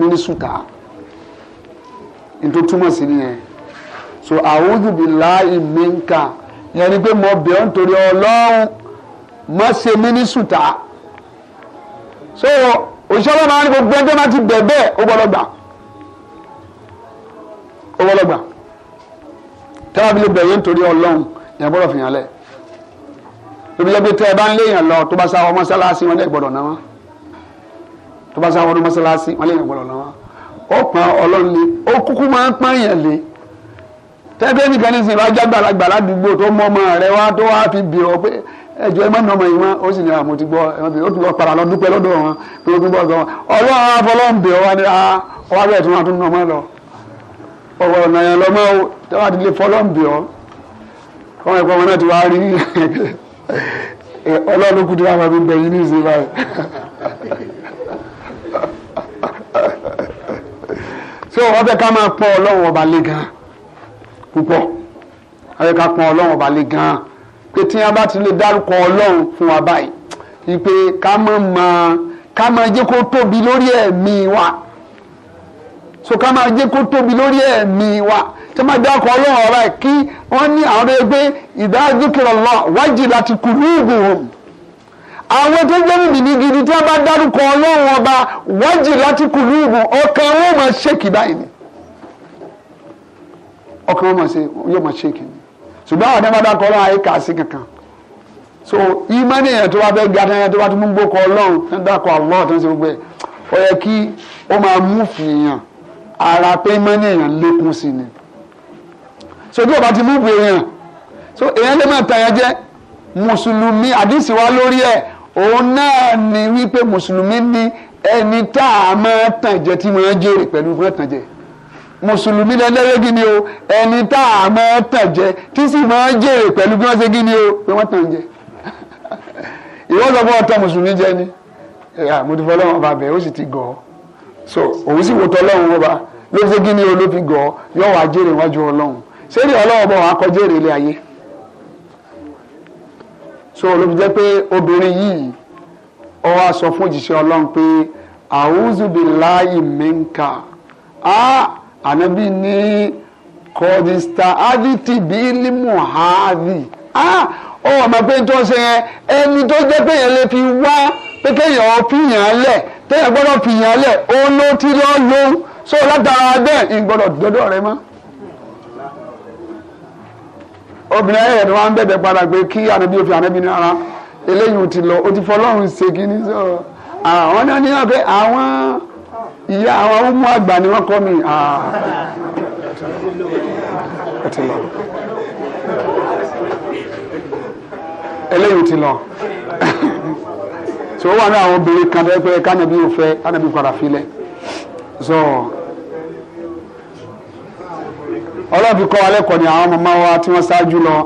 mi túmọ̀ sí nìyẹn so a'udhu billahi minka yẹn ni pé mo bẹ̀ ọ́ nítorí ọlọ́run má ṣe mí ní sùtà so òṣìṣẹ́ ọlọ́run máa ń gbogbo ẹjọ́ máa ti bẹ̀ bẹ́ẹ̀ ó gbọ́dọ̀ gbà ó gbọ́dọ̀ gbà tẹ́lá bí lè bẹ̀ yẹn nítorí ọlọ́run yẹn gbọ́dọ̀ fìyàn lẹ̀ tóbi jẹ́ pé tẹ́ ẹ bá ń léèyàn lọ tó bá sá wọn mọ́sálásí wọn lè gbọ́dọ̀ náà wọn tó bá sá wọn mọ́sálásí wọn lè gbọ́dọ̀ náà wọn ó pọn ọlọ́run ni ó kúkú máa ń pààyàn lé tẹ́gbẹ́ nìkan ní sin ìwà jágbàlagbà ládùúgbò tó mọ ọmọ rẹ wá tó wá fi bìrọ̀ pé ẹjọ́ ẹ má nà ọmọ yìí wọn ó sì ní àmọ́ ti gbọ́ ẹ̀wọ̀n bìrọ̀ ó ti lọ para lọ dúpẹ́ lọ́dọ̀ wọn pé ó tún bọ̀ gan ọlọ́run afọlọ́ǹbẹ̀ ọwọ́ ni ọwọ́ abẹ́rẹ́ tí wọ́n tún nà ọmọ lọ ọwọ́ ọ̀nà yẹn lọ́mọ tẹ́wọ́ àti lè fọlọ́ǹbẹ̀ ọ ọmọ ẹ̀kọ́ wọn náà ti wá rí ọlọ́run kùtù àwọn ọmọ ìbẹ̀yìn ní púpọ̀ ayé pọn ọlọ́run ọba gan-an pé tí bá ti lè dárúkọ ọlọ́run fún wa báyìí wípé ká mọ̀ mọ́ ká tóbi lórí ẹ̀mí wa so ká máa jẹ́ kó tóbi lórí ẹ̀mí wa tí wọ́n dárúkọ ọlọ́run ọba kí wọ́n ní àwọn ọ̀rẹ́ pé lọ wájì láti àwọn tó gidi tí wọ́n bá dárúkọ ọlọ́run ọba wájì láti ọkàn wọn ọkàn wọn mọ̀ ṣe yóò mọ̀ ṣe kìíní ṣùgbọ́n àwọn àdàmọ́dá kọ́ lọ́wọ́ ayé sí kankan so ìmánì yẹn tó bá fẹ́ ga tán yẹn tó bá tún mú gbókọ ọlọ́run tó ń dàkọ àlọ́ tó ń ṣe gbogbo ẹ̀ ó yẹ kí ó máa mú fìyàn ara pé ìmánì yẹn lékún sí ni so bí o bá ti mú bu èèyàn so èèyàn lè máa tẹ̀yẹ jẹ́ mùsùlùmí àdìsí wa lórí ẹ̀ òun náà ni wípé mùsùlùmí ni ẹni tá a máa tàn jẹ tí máa jèrè pẹ̀lú fún ẹ̀tàn mùsùlùmí lẹ́lẹ́rẹ́ gini o ẹni tá a máa tàn jẹ tí sì máa jèrè pẹ̀lú bí wọ́n ṣe gíní o pé wọ́n tàn jẹ ìwọ sọ fún ọtọ mùsùlùmí jẹ ni mo ti fọ ọlọ́run ọba bẹ́ẹ̀ ó sì ti gọ̀ ọ́ so òun sì wò tọ́ ọlọ́run ọba ló ṣe gíní o ló fi gọ̀ ọ́ yọ wàá jèrè wájú ọlọ́run ṣé ní ọlọ́run ọba wàá kọjá èrè ilé ayé so ló fi jẹ́ pé obìnrin yìí ó wá sọ fún òjíṣẹ́ ọlọ́run ànábì ní kọ́dísítà ádìtì bíi límù háàdì ó wà máa pé tó ṣe yẹn ẹni tó jẹ́ pé yẹn lè fi wá pé kéèyàn fìyàn lẹ̀ téèyàn gbọ́dọ̀ fìyàn lẹ̀ ó ló so látara bẹ́ẹ̀ ìgbọ́dọ̀ dọ́dọ̀ rẹ mọ́ obìnrin ayẹyẹ tó máa ń bẹ̀bẹ̀ padà pé kí ànábì òfin ànábì ní ara eléyìí ti lọ ó ti fọlọ́run ṣe kí ní sọ̀rọ̀ àwọn náà ní wọn pé àwọn ìyá àwọn ọmọ àgbà ni wọ́n kọ́ mi ah. eléyìí ti lọ so ó wà ní àwọn obìnrin kan tó yẹ pé kánàbí ò fẹ́ kánàbí padà filẹ̀ so ọlọ́ọ̀bí kọ́ alẹ́ kọ́ ni àwọn ọmọ máa wá tí wọ́n ṣáájú lọ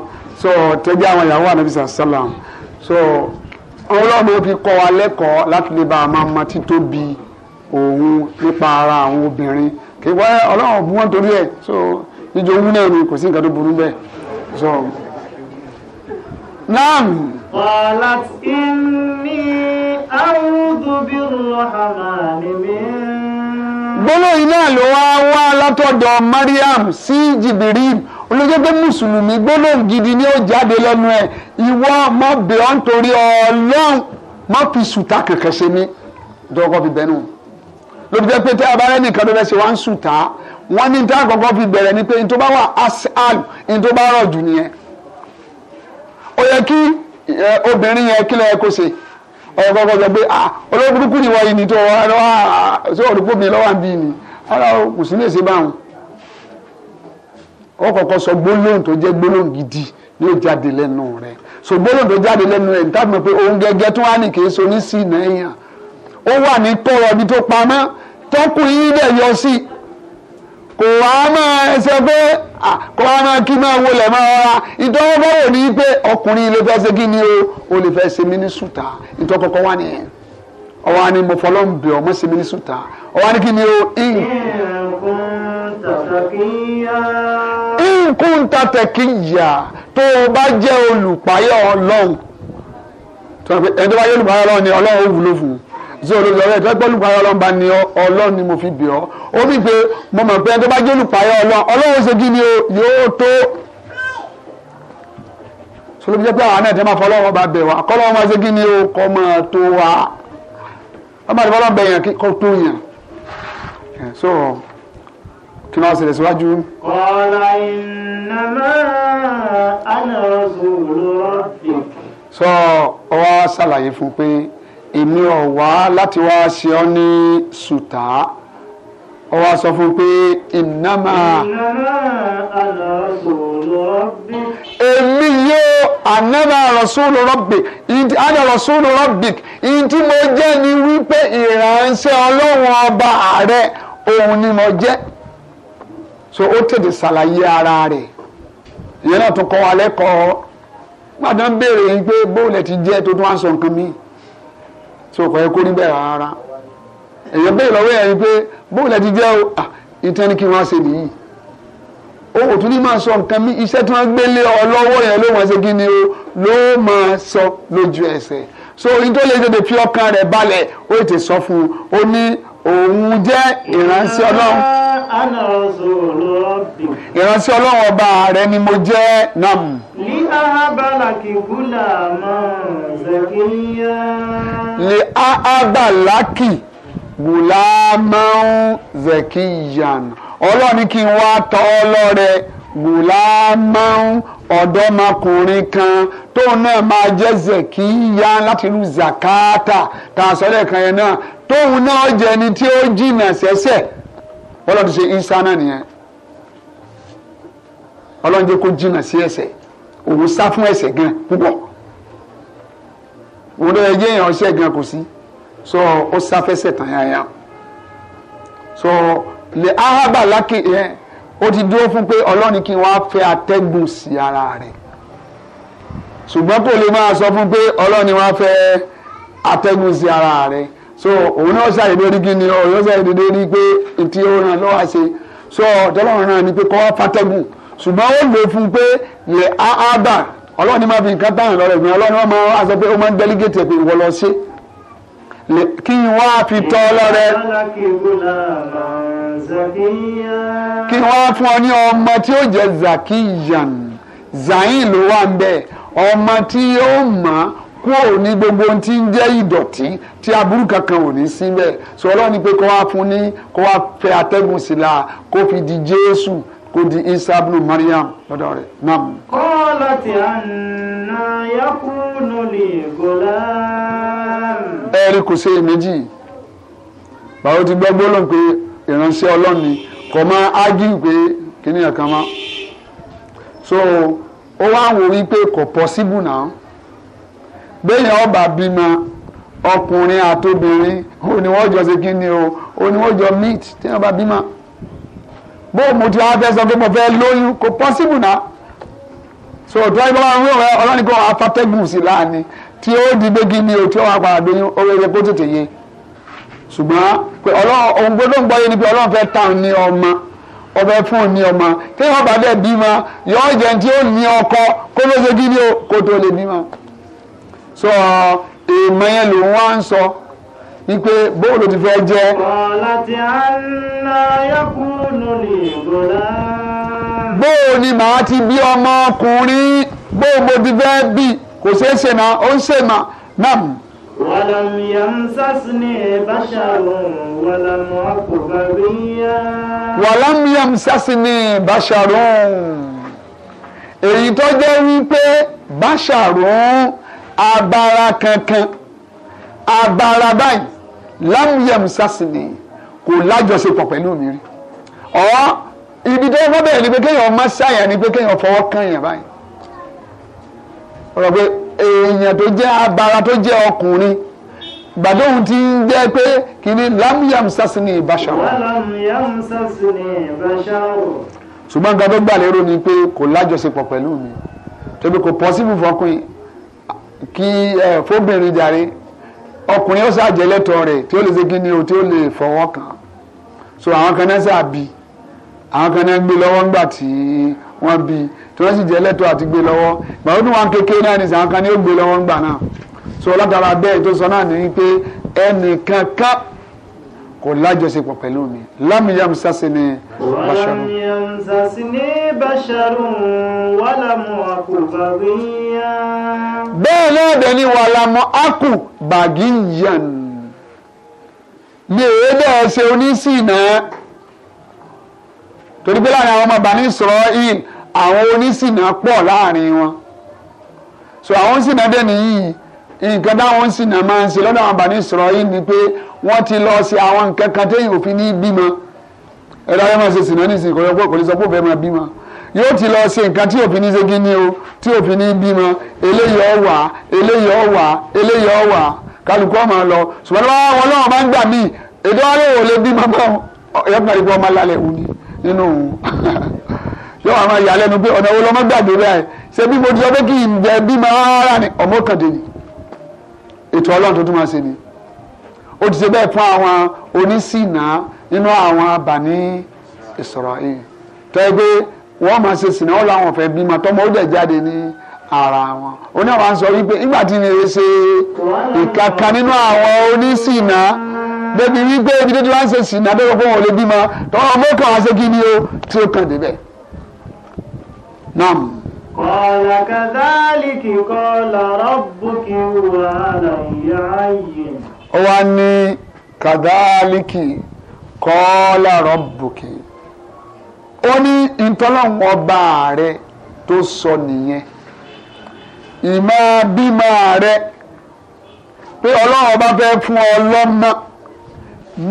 so tẹ́jú àwọn ìyàwó ànábì sàlám so ọlọ́ọ̀bí fi kọ́ alẹ́ kọ́ láti lè bá a máa ma títóbi òun nípa ara àwọn obìnrin kì í wáyé ọlọ́run bú wọn torí ẹ̀ so jíjọ owó náà ni kò sí nǹkan tó burú bẹ́ẹ̀ so. naam. qalat inni a'udhu birrahmani min. gbólóyìn náà ló wá wá látọ̀dọ̀ Mariam sí Jibril olójúgbé mùsùlùmí gbólóhùn gidi ni ó jáde lẹ́nu ẹ̀ ìwọ mọ̀ bẹ́ẹ̀ nítorí ọlọ́run má fi sùtà kẹ̀kẹ́ ṣe mí dọ́gọ́ bíbẹ́ nù ló fi jẹ́ pé tẹ́ abárẹ́ nìkan ló fẹ́ ṣe wá ń sùn tá wọ́n ní tá àkọ́kọ́ fi bẹ̀rẹ̀ ni pé ní tó bá wà asal ní tó bá rọ̀ jù nìyẹn ó yẹ kí obìnrin yẹn kílẹ̀ ẹ kó ṣe ọ̀rọ̀ kọ́kọ́ sọ pé ah ni wọ́n yìí ni tó wọ́n lọ́wọ́ ṣé òrùkú mi lọ́wọ́ àbí ni ara kò sí lè ṣe báwọn ó kọ́kọ́ sọ gbólóhùn tó jẹ́ gbólóhùn gidi ní ó jáde lẹ́nu rẹ̀ so gbólóhùn tó jáde lẹ́nu rẹ̀ níta mọ̀ pé òun gẹ́gẹ́ tó wá ní kì í so ní sí náà yàn ó wà ní tọrọ ibi tó pamọ́ tọkùnrin yìí dẹ̀ yọ sí kò wá máa ẹsẹ̀ pé kò wá máa kí máa wọlé máa rọra ìtọ́wọ́ bá wò ní pé ọkùnrin ló fẹ́ ṣe kí ni o ò lè fẹ́ ṣe mí ní sùtà ìtọ́kọ̀kọ̀ wà nìyẹn ọwọ́ á ní mo fọlọ́ ń bẹ̀ ọmọ ṣe mí ọwọ́ á kí ni o. nkún tatẹ̀ kí yà tó o bá jẹ́ olùpáyọ̀ ọlọ́run tó bá jẹ́ olùpáyọ̀ ọlọ́run ni ọlọ́run ó wúlò fún un ṣé olórí ọ̀rẹ́ ìfẹ́ gbọ́ olùpayọ̀ ọlọ́run bá ní ọlọ́run ni mo fi bì ọ́ ó bí pé mo mọ̀ pé ẹni bá jẹ́ olùpayọ̀ ọlọ́run ọlọ́run ṣe kí ni o yóò tó sọlọ́bí jẹ́ pé àwọn àná ìtẹ́ máa fọ ọlọ́run ọba bẹ̀ wá kọ́ máa ṣe kí ni o kọ́ máa tó wa ọmọ àti ọlọ́run bẹ̀ yàn kó tó yàn so kí ni wọ́n ṣe lè síwájú. kọ́lá ìnàmá àná ọ̀sùn lọ́ọ̀dì. sọ èmi ò wá láti wá ṣe ọ́ ní sùtá ó wá sọ fún pé ìnáma èmi yóò ànáma rọ̀ṣúlù rọ̀bì àná rọ̀ṣúlù rọ̀bì ìdí mo jẹ́ ni wípé ìránṣẹ́ ọlọ́run ọba ààrẹ òun ni mo jẹ́ so ó tètè ṣàlàyé ara rẹ̀ ìyẹn náà tún kọ́ wa lẹ́kọ̀ọ́ gbàdán béèrè yín pé bóun lè ti jẹ́ tó tún wá sọ nǹkan mìíràn so kò yẹ kó rí bẹ́ẹ̀ rárá èyàn bẹ́ẹ̀ lọ́wọ́ ẹ̀ rí pé bóun lẹ́ ti jẹ́ o ìtẹ́ni kí wọ́n ṣe nìyí owó tún ní máa sọ nǹkan mi iṣẹ́ tí wọ́n gbé lé ọ lọ́wọ́ yẹn ló wọ́n ṣe kí ni o ló máa sọ lójú ẹsẹ̀ so ohun tó lè tètè fi ọkàn rẹ̀ balẹ̀ ó tètè sọ fún un ó ní òun jẹ́ ìránṣẹ́ Ọlọ́run ana rasulu rabbi. ìránṣẹ́ ọlọ́run ọba rẹ ni mo jẹ́ nam. li ahabalaki gulaman zakiya. li ahabalaki gulaman zakiyan ọlọ́run ni kí n wá tọ́ ọ gula gùlámán ọ̀dọ́mọkùnrin kan tóun náà máa jẹ́ zèkíyá láti lu zakata tá a sọ yẹn náà tóun náà jẹ́ ẹni tí ó jìnnà sẹ́sẹ̀ bọ́lá ti ṣe isa náà nìyẹn ọlọ́run jẹ́ kó jìnnà sí ẹ̀ṣẹ̀ òun sá fún ẹ̀ṣẹ̀ gan púpọ̀ òun lọ́ọ́ ẹjẹ́ èèyàn ọṣẹ́ gan kò sí so ó sá fẹ́ṣẹ̀ tàn yáyà so lè áhábà lákè yẹn ó ti dúró fún pé ọlọ́run kí wọ́n á fẹ́ atẹ́gùn sí ara rẹ̀ ṣùgbọ́n kò lè máa sọ fún pé ọlọ́run wọ́n á fẹ́ atẹ́gùn sí ara rẹ̀ so òun náà ṣàyè lórí gíní ọ yóò ṣàyè lórí pé tí ó ràn lọ́wọ́ àṣe so ọ̀tọ́lọ́run náà ni pé kọ́ wá fàtẹ́gùn ṣùgbọ́n ó lè fún un pé yẹ áábà ọlọ́run ni máa fi nǹkan táwọn lọ́rọ̀ ìgbìmọ̀ ọlọ́run wọn máa wá sọ pé ó máa ń dẹ́lígẹ̀tì ẹ̀ pé ìwọ lọ ṣe kí n wá fi tọ́ ọlọ́rẹ kí n wá fún ọ ní ọmọ tí ó jẹ zakiyan zayin ló wà ń bẹ ọmọ tí ó mọ̀ kúrò ní gbogbo ohun tí ń jẹ́ ìdọ̀tí tí aburú kankan ò ní sọ ọlọ́run ni pé kó wá fún ní kó wá fẹ́ atẹ́gùn sí la kó fi di jésù kó di isa mariam lọ́dọ̀ rẹ̀ nam. kọ́lá ti àná yakunu lè gọ́lá. ẹ̀rí kò ṣe ti gbọ́ pé ìránṣẹ́ ọlọ́run ni kò pé so ó wá wò wípé kò bẹ́ẹ̀ ọba bímọ ọkùnrin àtobìnrin ó ní wọ́n jọ ṣe kí ni o ó ní wọ́n jọ meet tí wọ́n bá bímọ bó mo ti wá fẹ́ sọ pé mo fẹ́ lóyún kò possible náà so tí wọ́n bá ń rẹ̀ ọlọ́ni kó afátẹ́gùn sí láàánú tí ó di gbégi ni o tí wọ́n apàdà lóyún owó rẹ̀ kó tètè yé ṣùgbọ́n pé ọlọ́run ohun gbọ́dọ̀ ń gbọ́ yé ni pé ọlọ́run fẹ́ ta ní ọmọ ọbẹ̀ fún ní ọmọ tí wọ́n bá dẹ̀ bímọ yọ̀ọ́ jẹ́ tí ó ní ọkọ kó ló ṣe kí ni o kó tó lè bímọ sọ èèmọ̀ yẹn lòun wá ń sọ wípé bóun ló ti fẹ́ jẹ́. ọ̀la ti àná yọkùnrin lè gbọ́dá. bóun ni màá ti bí ọmọkùnrin bóun mo ti fẹ́ bí kò ṣeé ṣe mà ó ń ṣe mà náà. ولم يمسسني بشر ولم أك بغيا ولم يمسسني بشر èyí tó jẹ́ wípé báṣàrún abara kankan abara báyìí lámúyẹ̀mú sásìnì kò lájọṣepọ̀ pẹ̀lú mi rí ọ̀ ibi tó wọ́n bẹ̀rẹ̀ ni pé kéèyàn má ṣàyàn ni pé kéèyàn fọwọ́ kànyàn báyìí ọ̀rọ̀ pé èèyàn tó jẹ́ abara tó jẹ́ ọkùnrin gbàdóhùn ti ń jẹ́ pé kìíní lámúyàm sásìnì ìbáṣàrò. lámúyàm sásìnì ìbáṣàrò. ṣùgbọ́n nǹkan tó gbà lérò ni pé kò lájọṣepọ̀ pẹ̀lú mi tóbi kò pọ́sibú fọkùnrin kí ẹ fóbìnrin jàre ọkùnrin ó ṣàjẹlẹtọ rẹ tí ó lè ṣe kí ni o tí ó lè fọwọ́ kàn so àwọn kan náà ṣàbí àwọn kan náà gbé lọ́wọ́ ńgbà tí wọ́n bí tí wọ́n sì jẹ́ lẹ́tọ̀ọ́ àti gbé lọ́wọ́ ìgbà ó dún wọn kékeré náà ní sàwọn kan ní ó gbé lọ́wọ́ ńgbà náà so látara bẹ́ẹ̀ tó sọ náà ní pé ẹnìkan kan kò lájọṣepọ̀ pẹ̀lú mi lámìyàm sase ni basharu. lámìyàm sase ni basharu wàlámù akù bàgíyà. bẹ́ẹ̀ náà dẹ̀ ni wàlámù akù bàgíyà mi èé torí pé láàrin àwọn ọmọ Bani Israel àwọn oníṣìnà pọ̀ láàrin wọn so àwọn oníṣìnà dẹ̀ nìyí nǹkan táwọn oníṣìnà máa ń ṣe lọ́dọ̀ àwọn Bani Israel ni pé wọ́n ti lọ ṣe àwọn nǹkan kan téyìn òfin ní bímọ ẹ̀rọ ayé máa ṣe sìnà nísìnyí kò lọ́pọ̀ kò lè sọ pé òfin máa bímọ yóò ti lọ ṣe nǹkan tí òfin ní ṣe kí ni o tí òfin ní bímọ eléyìí ọ̀wà eléyìí ọ̀wà eléyìí ọ̀wà kálukú ọmọ lọ ṣùgbọ́n wọn lọ́wọ́ máa ń gbà míì èdè wọn lè wò lè bímọ bọ́ ẹ̀yọ́ kan ìgbọ́ ọmọ lálẹ́ òní nínú yóò àwọn ìyàlẹ́nu pé ọ̀nà olómọ gbàgbé báyìí ṣé bí mo ti sọ pé kí n jẹ bímọ rárá ni ó ti ṣe bẹ́ẹ̀ fún àwọn onísìnà nínú àwọn abàní Israel tó yẹ pé wọ́n máa ṣe sìnà ó láwọn fẹ́ bímọ tọ́mọ ó dẹ̀ jáde ní ara wọn oní àwọn sọ wípé nígbà tí mi lè ṣe ìkankan nínú àwọn onísìnà débi wípé ibi tó ti wá ń ṣe sìnà bẹ́ẹ̀ fún wọn lè bímọ tọ́wọ́ mọ́kàn wá ṣe kí ni o tí ó kàn débẹ̀. Naam. Qala kadhalika qala rabbuki wa ana ya'ayyin ó wá ní kàdáàlìkì kọ́ọ́lá rọ́bùkì ó ní ìtọ́lọ́wọ́n ọba rẹ tó sọ nìyẹn ìmọ̀ bímọ rẹ pé ọlọ́run ọba fẹ́ fún ọ lọ́mọ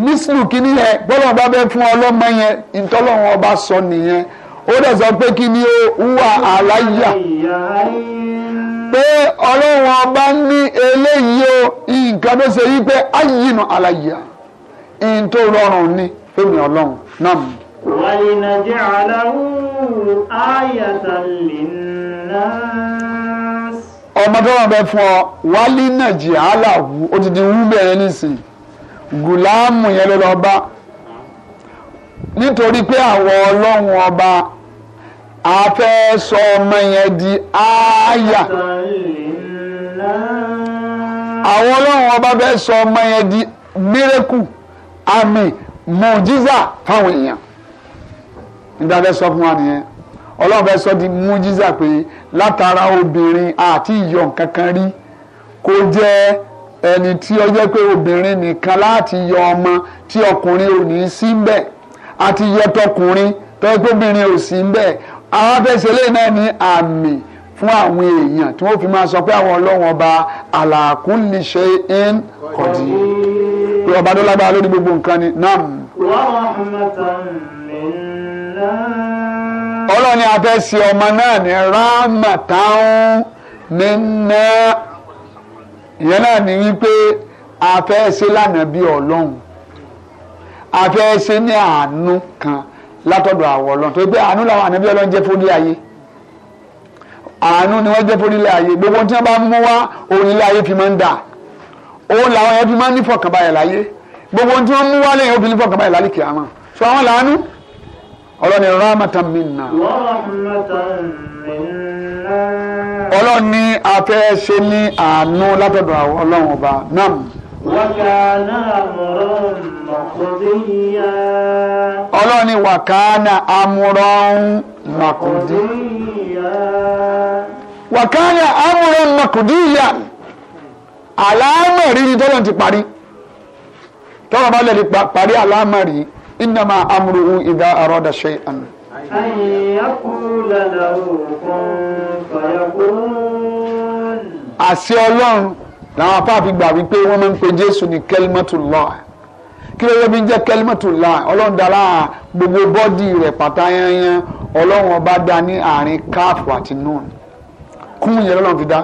mísìlù kìíní yẹn bọ́lá ọba fẹ́ fún ọ lọ́mọ yẹn ìtọ́lọ́wọ́n ọba sọ nìyẹn ó dẹ̀ sọ pé kí ni ó wà aláyà. pé ọlọ́run ọba ní eléyìí o nǹkan tó ṣe yí pé ayinu tó rọrùn ni fẹ́mi ọlọ́run náà. wàyínà jẹ́ àdáwù ayatan linnas. ọmọ tó wà bẹ fún ọ wálé jẹ ó ti di wú bẹ́ẹ̀ nísìnyí yẹn ló lọ bá nítorí a sọ ọmọ yẹn di ááyà àwọn ọlọ́run ọba fẹ́ sọ ọmọ yẹn di mírẹ́kù Ami mùjíza fáwọn èèyàn nígbà fẹ́ sọ fún wa nìyẹn ọlọ́run fẹ́ sọ di mùjíza pé látara obìnrin àti ìyọ̀ nǹkan kan rí kó jẹ́ ẹni tí ó jẹ́ pé obìnrin nìkan láti yọ ọmọ tí ọkùnrin ò ní sí ń àti yọ tọkùnrin tọ́jú obìnrin ò sí ń àwọn afẹsẹ̀lẹ̀ náà ní àmì fún àwọn èèyàn tí wọ́n fi máa sọ pé àwọn ọlọ́run ọba àlàkùnlé ṣe ń kọ̀dí pé ọba tó lórí gbogbo nǹkan ni nam. ọlọ́run ni afẹ́sẹ̀ ọmọ náà ní rámàtàún nínú ìyẹn náà ni wípé afẹ́sẹ̀ lànà bí ọlọ́run afẹ́sẹ̀ ní àánú kan látọ̀dọ̀ àwọn ọlọ́run tó gbé àánú làwọn ànábí ọlọ́run jẹ́ fún ilé ayé àánú ni wọ́n jẹ́ fún ilé ayé gbogbo tí wọ́n bá mú wá òun ilé ayé fi máa ń dà òun làwọn yẹn fi máa ń ní fọkànbalẹ̀ láyé gbogbo tí wọ́n mú wá lẹ́yìn obìnrin fọkànbalẹ̀ lálẹ́ kìá mọ̀ sọ àwọn làánú ọlọ́run ni rahmatan minna. ọlọ́run ni a fẹ́ ṣe ní àánú látọ̀dọ̀ àwọn ọlọ́run ọba náà wàkàánà àmúrọ̀ màkòdéyà. ọlọ́ni wàkàánà àmúrọ̀ màkòdéyà. wàkàánà àmúrọ̀ màkòdéyà àlámọ̀rí ni tọ́lọ́ ti parí tọ́lọ́ bá lẹ́ẹ̀lì parí àlámọ̀rí innama amruhu idha arada shay'an. àṣẹ ọlọ́run làwọn apá àfi gbà wípé wọ́n máa ń pe Jésù ní kẹlímọ́tòlá kí ló yẹ bí ń jẹ́ kẹlímọ́tòlá ọlọ́run dá láà gbogbo bọ́dì rẹ̀ pátá yányán ọlọ́run ọba ní àárín káàfù àti nùn kún yẹn lọ́lọ́run fi dá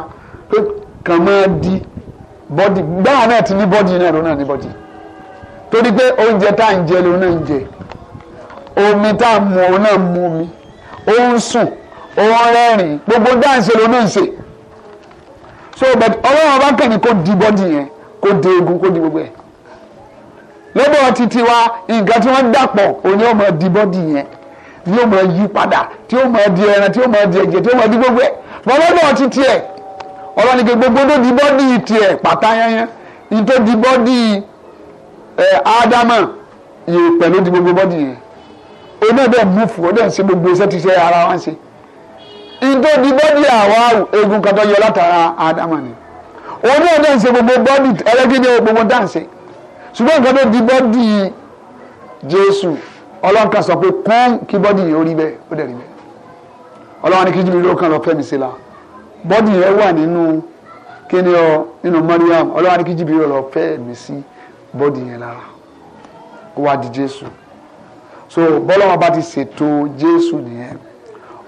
pé kàn máa di bọ́dì gbáà náà ti ní bọ́dì náà lónà ní bọ́dì torí pé oúnjẹ tá à ń jẹ lónà ń jẹ omi tá à ń mu òun náà ń mu omi ó ń gbogbo dáhùn ṣe lónà ń ṣe so but ọlọ́run ọba kẹ́ni kó di bọ́dì yẹn kó di egun kó di gbogbo ẹ̀ lọ́dọ̀ títí wa nǹkan tí wọ́n dàpọ̀ òní ọmọ di bọ́dì yẹn ni ó máa yí padà tí ó máa di ẹran tí ó máa di ẹ̀jẹ̀ tí ó máa di gbogbo ẹ̀ mọ lọ́dọ̀ títí ẹ̀ ọlọ́nìkè gbogbo tó di bọ́dì tiẹ̀ pàtà yẹn yẹn tó di bọ́dì ẹ̀ ádámà yìí pẹ̀lú di gbogbo bọ́dì yẹn onáà bẹ́ẹ̀ mú ṣe gbogbo iṣẹ́ ti ṣe ara wa ṣe ìdóbi bọ́dì àwa egun kan tó yọ látara ádámà ni òun náà dẹ̀ ń ṣe gbogbo bọ́dì ẹlẹ́gídé gbogbo dá ń ṣùgbọ́n nǹkan tó di bọ́dì jésù ọlọ́nkà sọ pé pọ́n kí bọ́dì yìí ó rí bẹ́ẹ̀ ó dẹ̀ rí bẹ́ẹ̀ ọlọ́wọ́n ni kí jùlọ ló kàn lọ fẹ́mi sí la bọ́dì yẹn wà nínú kíni ọ nínú Mariam ọlọ́wọ́n ni kí jùlọ lọ fẹ́mi sí bọ́dì yẹn lára ó wá di jésù so bọ́lọ́wọ́n bá ti ṣètò jésù nìyẹn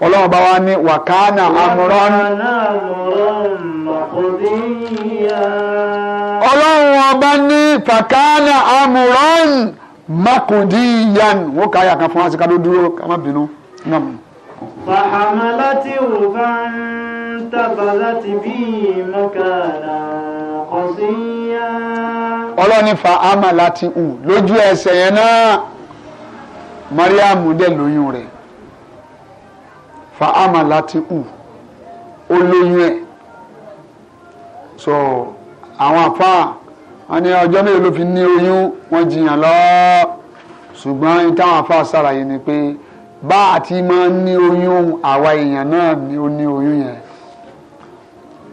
ọlọ́run bá wá ní wàkánà amúrán. ọlọ́run ọba ní fàkánà amúrán makundiyan wọ́n ká yà kan fún wa sí ká ló dúró ká má bínú. fàhámàlátì òfan tábàlátì bíi mọ́kànlá kọ̀síyá. ọlọ́ni fàhámàlátì ù lójú ẹsẹ̀ yẹn náà mariam dẹ̀ lóyún rẹ̀ fa ama láti hù ó lóyún ẹ̀ e. so àwọn àfáà wọn ní ọjọ́ mélòó ló fi ní oyún wọn jiyàn lọ ṣùgbọ́n ìtàwọn àfáà ṣàlàyé ni pé bá a ti máa ń ní oyún àwa èèyàn náà ni ó ní oyún yẹn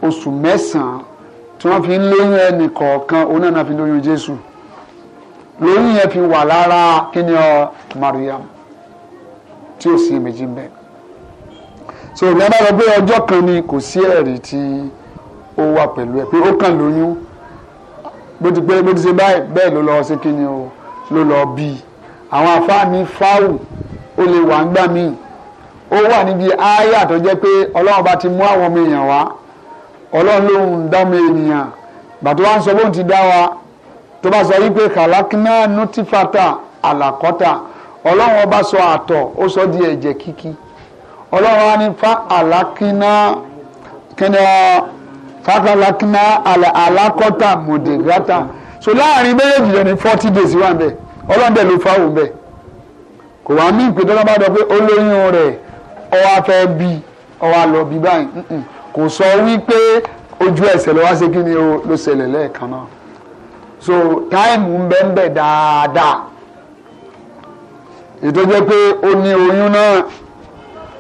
oṣù mẹ́sàn tí wọ́n fi ń lóyún ẹnì kọ̀ọ̀kan òun náà fi lóyún Jésù lóyún yẹn fi wà lára kíni ọ Mariam tí ò sí méjì bẹ́ẹ̀ so ìyá bá sọ pé ọjọ́ kan ni kò sí ẹ̀rí tí ó wà pẹ̀lú ẹ̀ pé ó kàn lóyún bó ti pé bó ti ṣe báyìí bẹ́ẹ̀ ló lọ ṣe kí ni o ló lọ bí i àwọn afáàní fáwù ó lè wà ń gbà míì ó wà níbi ááyà tó pé ọlọ́run bá ti mú àwọn ọmọ èèyàn wá ọlọ́run ló ń dá ọmọ ènìyàn bàtó wá ń sọ bóun ti dá wa tó bá sọ wípé kàlákínà nútífàtà àlàkọ́tà ọlọ́run ọba sọ àtọ̀ ó sọ di ẹ̀jẹ̀ kíkí ọlọ́run wa ní fa àlákínà kíni fàkàlákínà alákọ́tà mọ̀dẹ̀gátà so láàrin méjèèjì yẹn forty days wà bẹ́ẹ̀ ọlọ́run bẹ́ẹ̀ ló fáwọn bẹ́ẹ̀ kò wá ní ìpè tọ́lá bá dọ̀ pé olóyún rẹ̀ ọwọ́ afẹ́ bí ọwọ́ àlọ́ bí báyìí kò sọ wípé ojú ẹsẹ̀ ló ṣe kí ni o ló ṣẹlẹ̀ lẹ́ẹ̀kan náà so táìmù ń bẹ ń bẹ dáadáa ètò jẹ́ pé ó ní oyún náà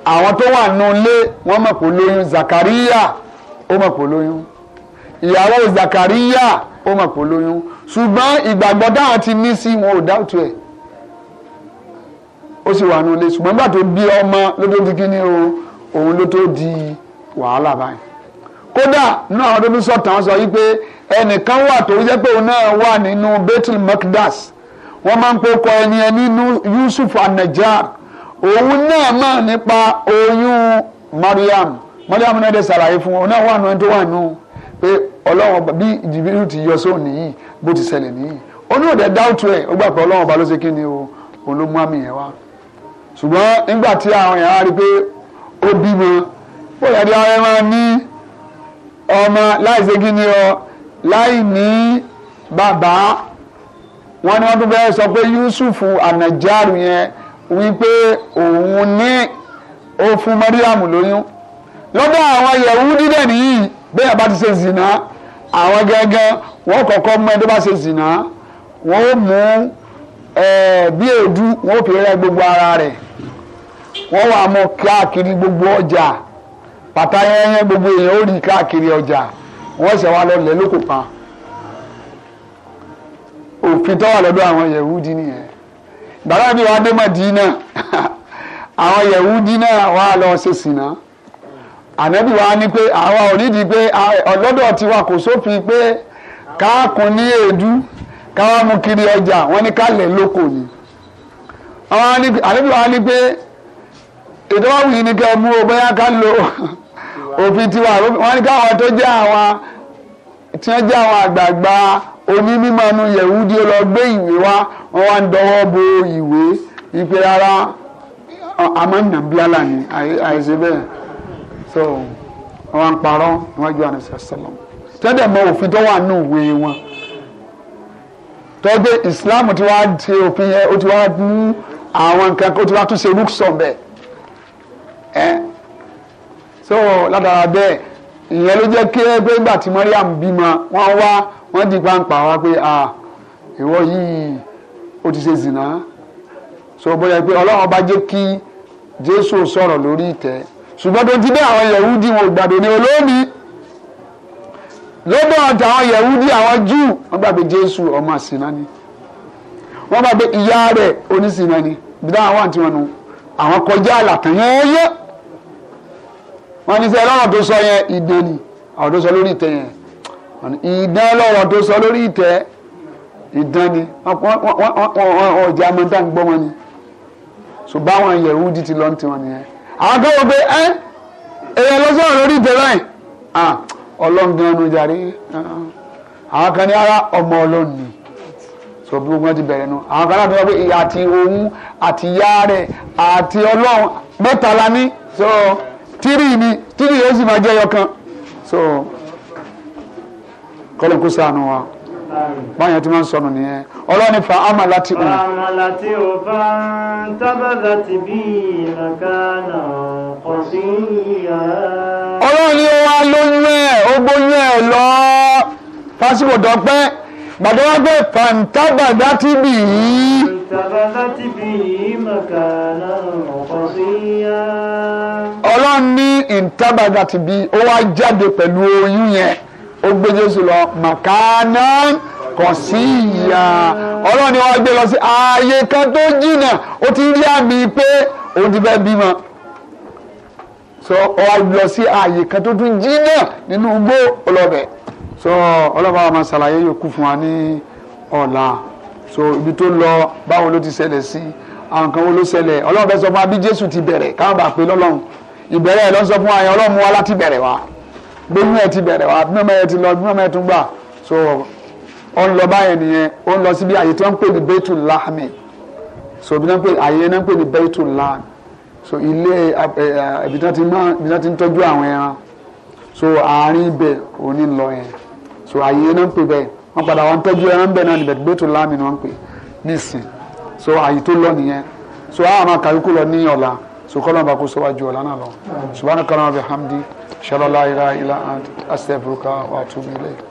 àwọn tó wà nù lé wọ́n mọ̀ kó lóyún Zakariya ó mọ̀ kó lóyún ìyàwó Zakariya ó mọ̀ kó lóyún ṣùgbọ́n ìgbàgbọ́ dáhùn ti ní sí wọn ò dáùtù ẹ̀ ó sì wà nù lé ṣùgbọ́n gbà tó bí ọmọ ló tó di kíní o òun ló tó di wàhálà báyìí kódà náà àwọn tó tún sọ̀tàn sọ yí pé ẹnìkan wà tó jẹ́ pé òun náà wà nínú Bethel Makdas wọ́n máa ń pokọ ẹni ẹni Yusuf anajar òun náà mọ̀ nípa oyún Mariam Mariam náà dẹ̀ ṣàlàyé fún òun náà wà nù ẹni tó wà nù pé ọlọ́run bí Jibril ti yọ sóun nìyí bó ti ṣẹlẹ̀ nìyí oníwòdẹ dáwùtú ẹ̀ ó gbà pé ọlọ́run ọba ló ṣe kí ni o òun ló mú àmì yẹn wá ṣùgbọ́n nígbà tí àwọn èèyàn rí pé ó bímọ bóyá di ara wọn ní ọmọ láì ṣe kí ni o láì ní bàbá wọn ni wọn tún fẹ́ sọ pé Yusuf anajari yẹn wípé òun ní ó fún Mariam lóyún lọ́dọ̀ àwọn Yẹ̀húdí dẹ̀ nìyí bẹ́ẹ̀ bá ti ṣe zìnà àwọn gẹ́gẹ́ wọ́n kọ́kọ́ mú ẹni tó bá ṣe zìnà wọ́n ó mú bí èédú wọ́n fi rẹ́ gbogbo ara rẹ̀ wọ́n wà mọ́ káàkiri gbogbo ọjà bàtà gbogbo èèyàn ó rí káàkiri ọjà wọ́n ṣẹ̀ wá lọ́lẹ̀ lóko òfin tó wà lọ́dọ̀ àwọn Yẹ̀húdí nìyẹn bàbá mi wàá dé Mádínà àwọn Yẹ̀húdí náà wà lọ ṣe sìnà ànábì wa ní pé àwa ò nídìí pé ọlọ́dọ̀ tiwa kò sófin pé káàkùn ní èédú káwá mú kiri ọjà wọ́n ní kálẹ̀ lóko ni ànábì wa ní pé ìdánwò yìí ni kẹ́ mú o bóyá ká lo òfin tiwa wọ́n ní káwọn tó jẹ́ àwọn tí wọ́n jẹ́ àwọn àgbààgbà onímímanu yẹ̀wúdí ó lọ gbé ìwé wá wọ́n wá ń dọwọ́ bo ìwé ìpè rárá amánàbíàlà ni àìsè bẹ́ẹ̀ so wọ́n wá ń parọ́ níwájú àníṣe sọlọ́m tẹ́lẹ̀ mọ òfin tó wà nù ìwé wọn tọ́gbé Islam ti wá ṣe òfin yẹn ó ti wá mú àwọn nǹkan ó ti wá tún ṣe rúkṣọ̀ bẹ́ẹ̀ ẹ́ so ládàra bẹ́ẹ̀. ìyẹn ló jẹ́ kí pé ìgbà tí Mariam bímọ wọn wá wọ́n di pàǹpà wá pé a ìwọ yìí ó ti ṣe zìnà so bóyá pé ọlọ́run bá jẹ́ kí Jésù sọ̀rọ̀ lórí ìtẹ́ ṣùgbọ́n tó ti àwọn wọn ní olómi lọ́dọ̀ àwọn wọ́n Jésù ọmọ ni wọ́n ìyá rẹ̀ ni bí dáhùn kọjá yẹn wọ́n ní sẹ́ lọ́rọ̀ tó sọ yẹn ìdè ni ọ̀rọ̀ tó sọ lórí ìtẹ́ yẹn ìdán lọ́rọ̀ tó sọ lórí ìtẹ́ ìdán ni wọ́n ọ̀jà amọ̀ntà ń gbọ́ wọn ni so báwọn Yẹhudi ti lọ ní tiwọn nìyẹn àwọn kan wọ pé ẹ èèyàn lọ sọ̀rọ̀ lórí ìtẹ́ báyìí ọlọ́run gan ló jàre àwọn kan ní ara ọmọ ọlọ́run ni so bí wọ́n ti bẹ̀rẹ̀ nu àwọn kan láti wọ́n pé àti òun àti ìyá rẹ̀ àti ọlọ́run mẹ́ta la ní so tírì ni tírì yóò sì máa jẹ́ yọkan so kọ́lọ̀ kó sànù wa báyọ̀ tí wọ́n sọnù nìyẹn ọlọ́ni fa ama láti hù. ama láti hù fa tábàlá ti bí ìlàkánà ọ̀sìnyà. ọlọ́ni wa lóyún ẹ̀ ó gbóyún ẹ̀ lọ fásitì dọ́pẹ́ gbàdé wá pé fàǹtàbàdà ti bì í. fàǹtàbàdà ti bì í màkàlà ọ̀pọ̀síyá. ọlọ́run ní ìtàbàdà ti bì í ó wá jáde pẹ̀lú oyún yẹn ó gbé jésù lọ màkàlà kàn sí ìyá ọlọ́run ni wọ́n gbé lọ sí ààyè kan tó jìnnà ó ti rí àmì pé òun ti fẹ́ bímọ sọ ọ lọ sí ààyè kan tó tún jìnnà nínú igbó ọlọ́bẹ̀ so ọlọ́ba wa máa ṣàlàyé yòókù fún wa ní ọ̀la so ibi tó lọ báwo ló ti ṣẹlẹ̀ sí àwọn kan wo ló ṣẹlẹ̀ ọlọ́run fẹ́ sọ fún wa bí jésù ti bẹ̀rẹ̀ káwọn bá pè lọ́lọ́run ìbẹ̀rẹ̀ ló ń sọ fún wa yẹn ọlọ́run mú wa láti bẹ̀rẹ̀ wa gbẹ́nu ẹ̀ ti bẹ̀rẹ̀ wa bí mẹ́mẹ́ ẹ̀ ti lọ bí mẹ́mẹ́ ẹ̀ tún gbà so ó ń lọ báyẹn nìyẹn ó ń lọ síbi àyè tí wọ́n ń pè ní bẹ́tù láàmì so ibi àyè náà ń pè ní bẹ́tù láàmì so ilé ibi tí wọ́n ti ń tọ́jú àwọn ẹran so àárín ibẹ̀ òní lọ yẹn so àyè yẹn náà ń pè bẹ́ẹ̀ wọ́n padà wọ́n tọ́jú ẹran bẹ́ẹ̀ náà níbẹ̀ gbẹ́tò láàmì ni wọ́n ń pè nísìn so àyè tó lọ nìyẹn so àwọn àmà kàwé lọ ní ọ̀la so kọ́lọ́n bá kó sọ wájú ọ̀la náà lọ subhanaka wa bihamdi shalala ilaha illa ant astaghfiruka wa atubu ilayk.